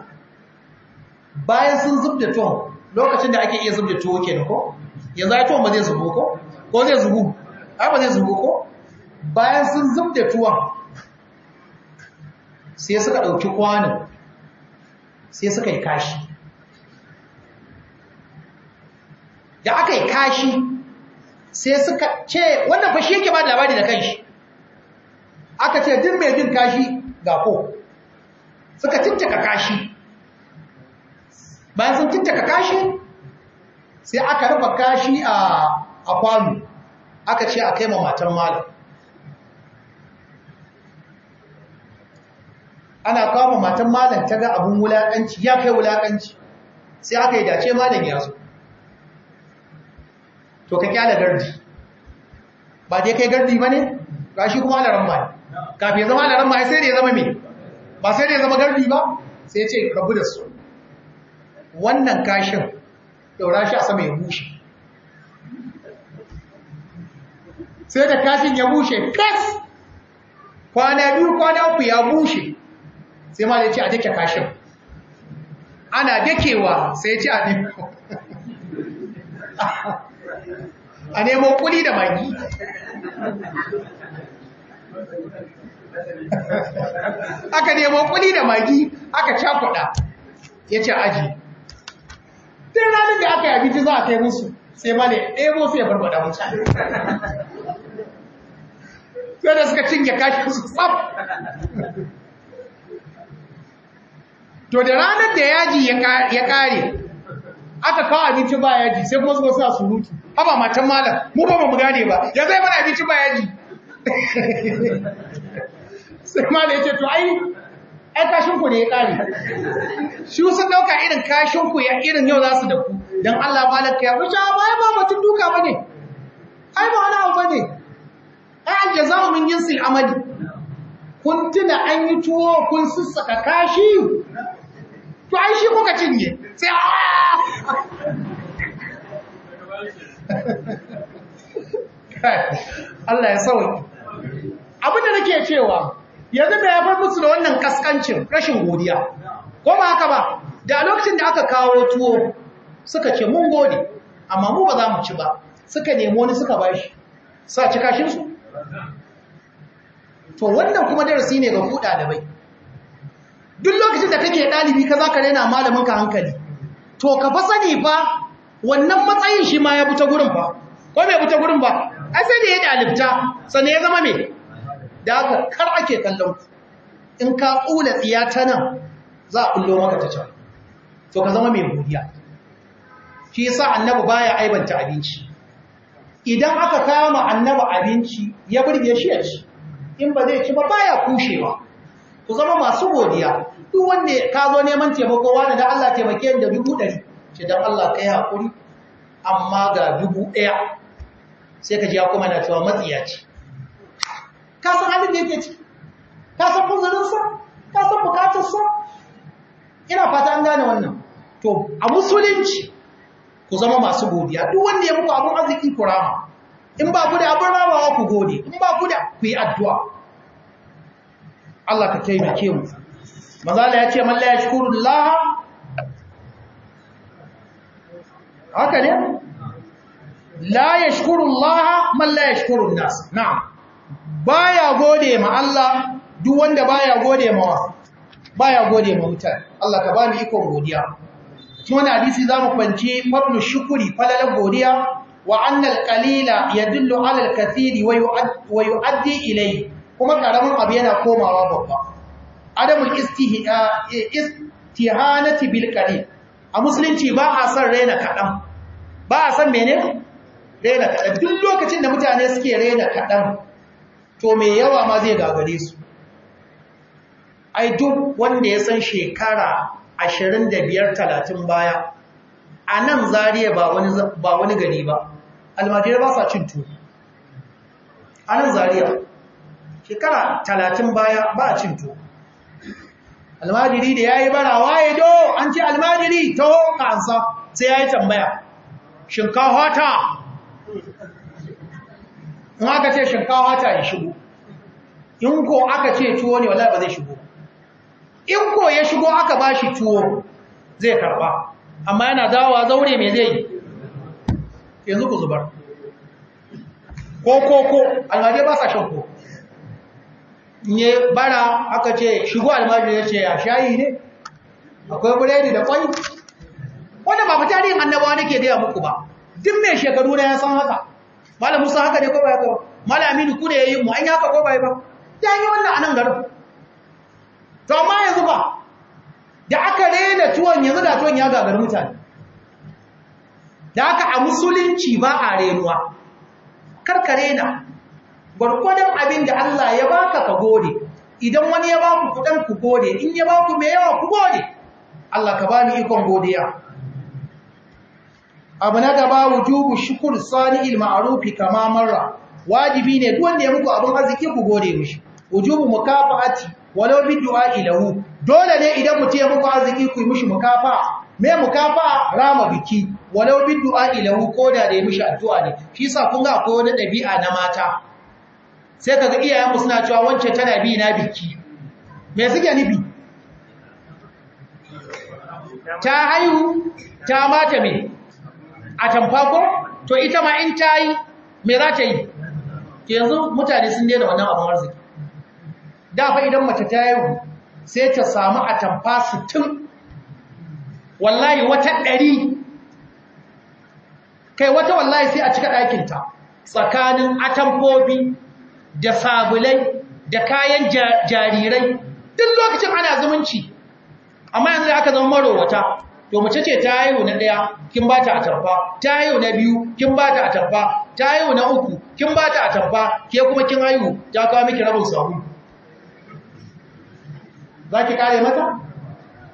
bayan sun zub da tuwo lokacin da ake iya zub da tuwo ke ko yanzu a tuwon ba zai zubo ko ko zai zubu ai ba zai zubo ko bayan sun zub da tuwon sai suka ɗauki kwanin sai suka yi kashi da aka yi kashi sai suka ce wannan fashi yake ba labari da kanshi aka ce din mai jin kashi ga ko suka cincika kashi bayan sun cincika kashi sai aka rufa kashi a kwano aka ce a kai ma matan malam ana kama matan malam ta ga abin wulaƙanci ya kai wulaƙanci sai aka yi dace malam ya zo to ka kyala gardi ba dai kai gardi ba ne ga shi kuma alaran ba. kafin zama alaran ma sai da ya zama me ba sai da ya zama gardi ba sai ce rabu da su wannan kashin daura shi a sama ya bushe sai da kashin ya bushe kas kwana biyu kwana uku ya bushe sai ma ya ce a dake kashin ana dakewa sai ce a nemo a nemo kuli da magi aka nemo kuli da magi aka cakuda ya ce aji tun ranar da aka yi abinci za a kai musu sai ma ne ɗaya su ya barbada mutane sai da suka cinye kashin su tsab to da ranar da yaji ya kare aka kawo abinci ba yaji sai kuma suka sa surutu haba matan malam mu ba mu gane ba ya zai mana abinci ba yaji <laughs> sai malam ya ce to ai ai kashinku ne ya kare shi sun dauka irin kashinku ya irin yau za su da ku Don Allah malaka ya wuce ba ai ba mutum duka ne? ai ba wani abu ne. ai an aljaza'u min jinsil amali kun tuna an yi tuwo kun sussaka kashi to ai shi kuka cinye sai ah! Allah ya sauki abin da nake cewa yanzu da ya bar musu da wannan kaskancin rashin godiya ko ba haka ba da lokacin da aka kawo tuwo suka ce mun gode amma mu ba za mu ci ba suka nemo wani suka bashi sa ci kashin su to wannan kuma darasi ne ga kuɗa da bai duk lokacin da kake ɗalibi ka zaka rena malamin ka hankali to ka fa sani fa wannan matsayin shi ma ya buta gurin fa ko bai buta gurin ba ai sai da ya dalibta Sani ya zama me da haka kar ake kallon in ka kula tsiya ta nan za a kullo maka ta to ka zama mai godiya shi yasa annabi baya aibanta abinci idan aka kama annabi abinci ya burge shi ya ci in ba zai ci ba baya kushewa ku zama masu godiya duk wanda ka zo neman taimako wani da Allah taimake ni da dubu ɗari ce don Allah ka yi haƙuri amma ga dubu ɗaya sai ka ji ya kuma na cewa matsiya ce ka san halin da yake ci ka san kunzurinsa ka san bukatarsa ina fata an gane wannan to a musulunci ku zama masu godiya duk wanda ya muku abun arziki ku rama in ba ku da abin ramawa ku gode in ba ku da ku yi addu'a Allah ka taimake mu Maza mazala ya ce man la yashkurullah haka ne la yashkurullah man la yashkurun nas na'am baya gode ma Allah duk wanda baya gode ma baya gode ma mutane Allah ka bani ikon godiya cikin wannan hadisi zamu kwance fadlu shukuri falalan godiya wa annal qalila yadullu ala al-kathiri wa yu'addi ilayhi kuma karamin abu yana komawa babba adamul istihanati bil qarib a musulunci ba a san raina kadan ba a san mene raina kadan duk lokacin da mutane suke raina kadan to me yawa ma zai gagare su ai duk wanda ya san shekara 25 30 baya a nan zariya ba wani ba wani gari ba almajirai ba sa cin tuni a nan zariya shekara talatin baya ba a cin tuwo almajiri da ya yi bara waye do an ce almajiri ta hoka ansa sai ya yi tambaya shinkawa ta in aka ce shinkawa ta ya shigo in ko aka ce tuwo ne wala ba zai shigo in ko ya shigo aka ba shi tuwo zai karba amma yana dawa zaure mai zai yanzu ku zubar ko ko ko almajiri ba sa shan ko ne bara aka ce shigo almajiri ya ce a shayi ne akwai buredi da kwai wanda ba fita ne annabawa nake gaya muku ba duk mai shekaru na ya san haka malam musa haka ne ko ba haka malam aminu ku ne yayin mu an yi haka ko ba ba ya yi wannan a nan garin to amma yanzu ba da aka rena tuwon yanzu da tuwon ya gagar mutane da aka a musulunci ba a renuwa karka rena gwargwadon abin da Allah ya baka ka gode idan wani ya baku kudan ku gode in ya baku mai yawa ku gode Allah ka bani ikon godiya abu na gaba wujubu ilma a rufi kama marra wajibi ne duk wanda ya muku abin arziki ku gode mishi wujubu ci walau bi du'a ilahu dole ne idan mutum ya muku arziki ku yi mishi mukafa'a me mukafa rama biki walau bi du'a ilahu ko da ya mishi addu'a ne shi sa kun ga akwai wani dabi'a na mata sai kaga iyayenmu suna cewa wance tana bi na biki me suke nufi ta haihu ta mata me a tamfako to ita ma in ta yi me za ta yi yanzu mutane sun daina wannan abin arziki da fa idan mace ta haihu sai ta samu a tamfa 60 wallahi wata ɗari kai wata wallahi sai a cika ɗakinta tsakanin atamfobi da sabulai da kayan jarirai duk lokacin ana zumunci amma yanzu aka zama marowata to mace ce ta haihu na ɗaya kin ba ta a tabba, ta haihu na biyu kin ba ta a tabba, ta haihu na uku kin ba ta a tabba, ke kuma kin haihu ta kawo miki rabin sahu za ki kare mata?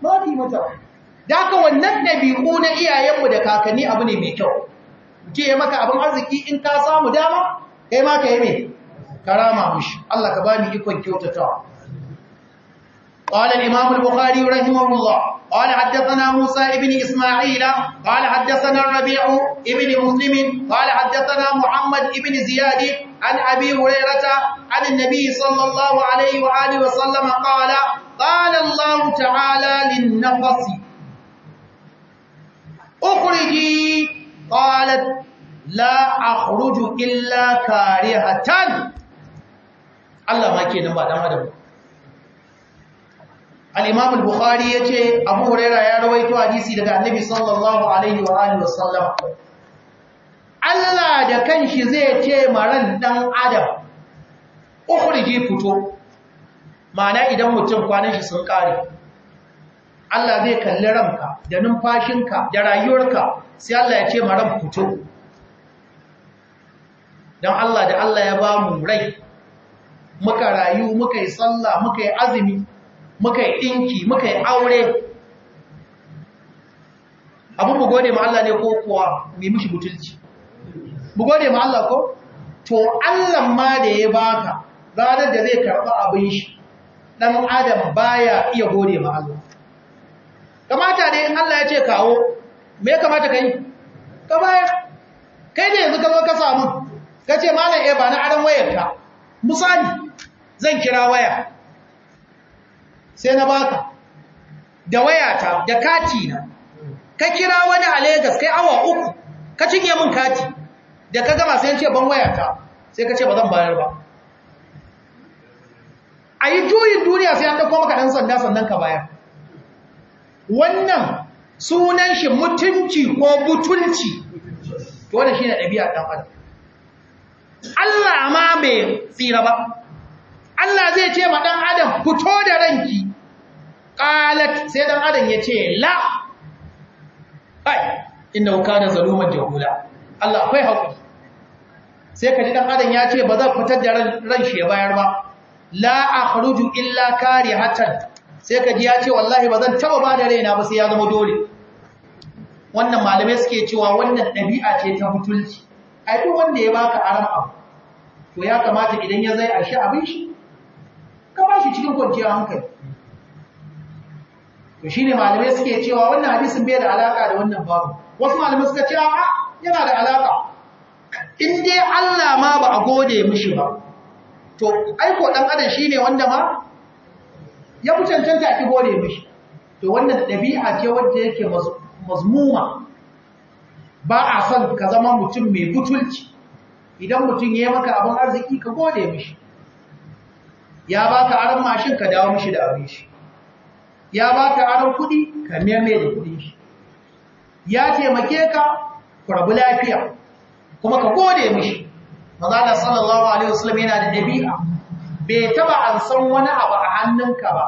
ba ki mata da haka wannan ɗabi'u na iyayenmu da kakanni abu ne mai kyau ke maka abin arziki in ka samu dama kai ma ka yi mai karama mishi Allah ka bani ikon kyautatawa قال الإمام البخاري رحمه الله قال حدثنا موسى ابن إسماعيل قال حدثنا الربيع ابن مسلم قال حدثنا محمد ابن زياد عن أبي هريرة عن النبي صلى الله عليه وآله وسلم قال قال الله تعالى للنفس أخرجي قالت لا أخرج إلا كارهة Allah ma kenan ba dan adam al-imam al-bukhari yace abu huraira ya rawaito hadisi daga annabi sallallahu alaihi wa alihi wasallam Allah da kanshi zai ce maran dan adam ukhriji fito ma'ana idan mutum kwanan shi sun kare Allah zai kalli ranka da numfashinka da rayuwarka sai Allah ya ce maran fito don Allah da Allah ya ba mu rai muka rayu muka yi sallah muka yi azumi muka yi ɗinki muka yi aure abin mu gode ma Allah ne ko kuwa mai mishi mutunci mu gode ma Allah ko to Allah ma da ya baka ranar da zai karɓi abin shi ɗan adam baya iya gode ma Allah kamata ne in Allah ya ce kawo me ya kamata ka yi ka bayar kai ne yanzu ka zo ka samu ka ce malam e ba na aron wayarka misali zan kira waya sai na baka da ta da kati na ka kira wani a Legas kai awa uku ka cinye min kati da ka gama sai ce ban ta sai ka ce ba zan bayar ba a yi juyin duniya sai an dauko maka dan sanda sannan ka bayar wannan sunan shi mutunci ko butulci to wannan shine dabi'a ɗan Allah ma bai tsira ba Allah zai ce ma ɗan adam fito da ranki ƙalat sai ɗan adam ya ce la inda wuka da zaluman jahula Allah akwai haƙuri. sai kaji ɗan adam ya ce ba zan fitar da ran shi ya bayar ba la harujin illa hatar sai kaji ya ce wallahi ba zan taba ba da raina ba sai ya zama dole wannan malamai suke cewa wannan ɗabi'a ce ta butulci ai duk wanda ya baka aram abu to ya kamata idan ya zai a shi abin shi ka ba shi cikin kwanciyar hankali to shi ne malamai suke cewa wannan hadisun bai da alaka da wannan babu wasu malamai suka ce a yana da alaka in dai Allah ma ba a gode mishi ba to aiko dan adam ne wanda ma ya fi cancanta a ki gode mishi to wannan ɗabi'a ce wadda yake mazmuma ba a son ka zama mutum mai butulci idan mutum ya yi maka abin arziki ka gode mishi ya baka aron mashin ka dawo mishi da abin shi ya baka aron kuɗi ka mai da kuɗin shi ya taimake ka rabu lafiya kuma ka gode mishi mazana sallallahu alaihi wasallam yana da dabi'a bai taba an san wani abu a hannunka ba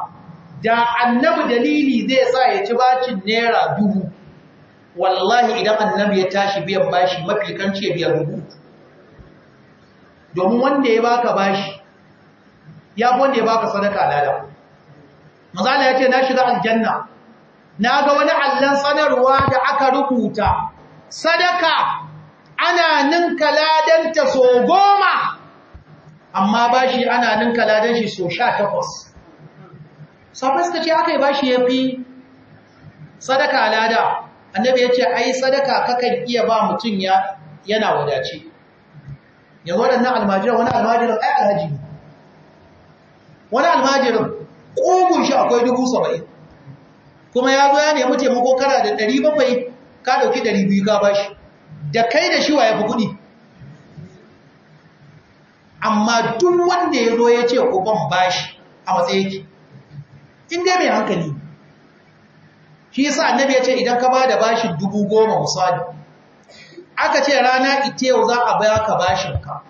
da annabi dalili zai sa ya ci bacin naira dubu wallahi idan annabi ya tashi biyan bashi mafi kanci ya biya domin wanda ya baka bashi ya wanda ya baka sadaka lada mazala yace na shiga aljanna na ga wani allon sanarwa da aka rubuta sadaka ana ninka ladanta so goma amma bashi ana ninka ladan shi so sha takwas sabai suka ce aka yi bashi ya fi sadaka lada annabi ya ce ai sadaka kakan iya ba mutum yana wadace yanzu waɗannan almajiran wani almajiran ai alhaji ne wani almajirin ƙugun shi akwai dubu saba'in kuma ya zo ya nemi taimako kana da ɗari bakwai ka ɗauki ɗari biyu ka ba shi da kai da wa ya fi kuɗi amma duk wanda ya zo ya ce kogon ba shi a matsayi ki in dai mai hankali shi yasa annabi ya ce idan ka ba da bashin dubu goma misali aka ce rana ita yau za a baya ka bashin ka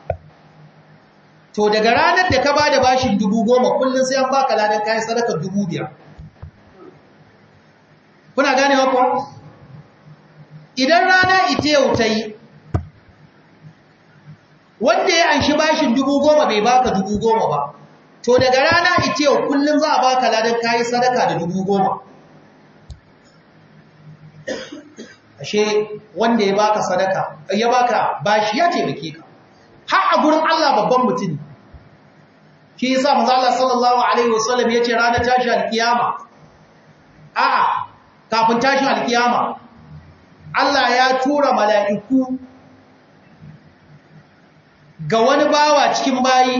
to daga ranar da ka ba da bashin dubu goma kullum sai an baka ladan kayan sadakar dubu biyar kuna gane kuwa idan rana ita yau ta yi wanda ya an shi bashin dubu goma bai baka dubu goma ba to daga rana ita yau kullum za a baka ladan kayan sadaka da dubu goma ashe wanda ya baka sadaka ya baka bashi ya taimake ka har a gurin Allah babban mutum shi yasa manzo Allah sallallahu alaihi wasallam yace ranar tashin alkiyama a'a kafin tashin alkiyama Allah ya tura mala'iku ga wani bawa cikin bayi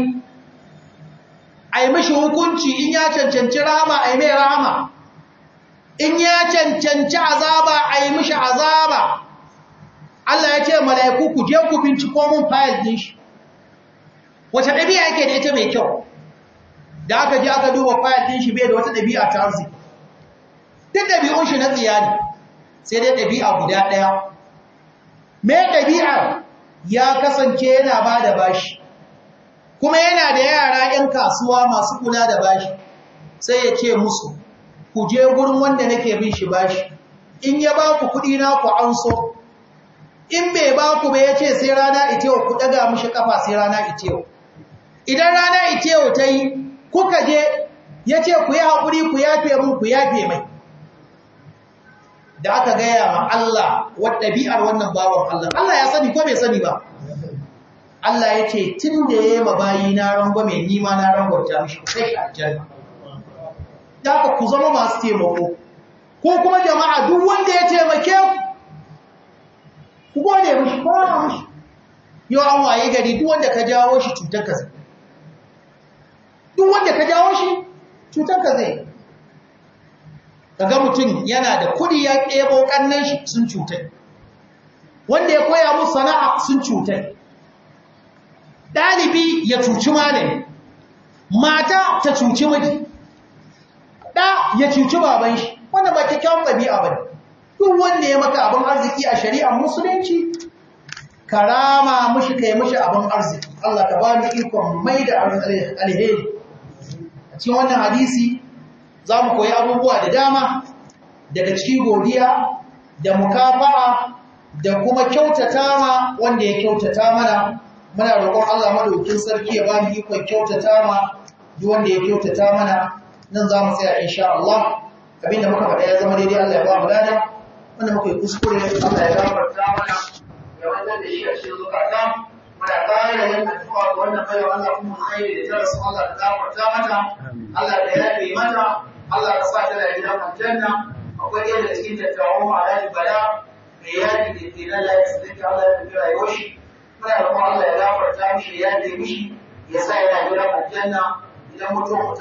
a yi mashi hukunci in ya cancanci rama a yi mai rama in ya cancanci azaba a yi mashi azaba Allah ya ce mala'iku ku je ku binciko mun fayil din shi Wata ɗabi'a yake da ita mai kyau da aka ji aka duba fayil ɗin shi bai da wata ɗabi'a ta arziki duk ɗabi'un shi na tsiya ne sai dai ɗabi'a guda ɗaya mai ɗabi'ar ya kasance yana ba da bashi kuma yana da yara 'yan kasuwa masu kula da bashi sai ya ce musu ku je gurin wanda nake bin shi bashi in ya ba ku kuɗi na ku an in bai ba ku ba ya ce sai rana itewa ku ɗaga mishi ƙafa sai rana itewa idan rana yau ta yi kuka je ya ce ku yi haƙuri ku yafe mun ku yafe mai da aka gaya ma Allah wadda bi'ar wannan bawan Allah Allah ya sani ko bai sani ba Allah ya ce tun da ya yi mabayi na rangwa mai nima na rangwa ta mishi sai shi aljanna da aka ku zama masu taimako ko kuma jama'a duk wanda ya taimake ku ku gode mishi ko mishi yau an waye gari duk wanda ka jawo shi cutar ka duk wanda ka jawo shi cutar ka zai kaga mutum yana da kudi ya kebo kannan shi sun cutai wanda ya koya musu sana'a sun cutai dalibi ya cuci malami mata ta cuci miji da ya cuci baban shi wanda ba kyakkyawan ɗabi'a ba duk wanda ya maka abin arziki a shari'ar musulunci karama mushi kai mushi abin arziki Allah ta bani ikon mai da alheri a cikin wannan hadisi za mu koyi abubuwa da dama daga cikin godiya da mukafa'a da kuma kyautata ma wanda ya kyautata mana muna roƙon Allah madaukakin sarki ya bani ikon kyautata ma duk wanda ya kyautata mana nan za mu tsaya insha Allah abinda muka faɗa ya zama daidai Allah ya ba mu dana wanda muka yi kuskure Allah ya gafarta mana ya wanda da shi a cikin zukata muna ƙara ga wannan baiwa Allah kuma khairi da ta mata Allah da yaɗe mata Allah sa ta da gidan akwai ɗaya da cikin dattawan mu Alhaji Bala da ke nan lafiya su Allah ya tafi rayuwar shi Allah ya gafarta mishi ya yaɗe ya sa yana gidan aljanna idan mutum mu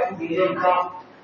Allah ka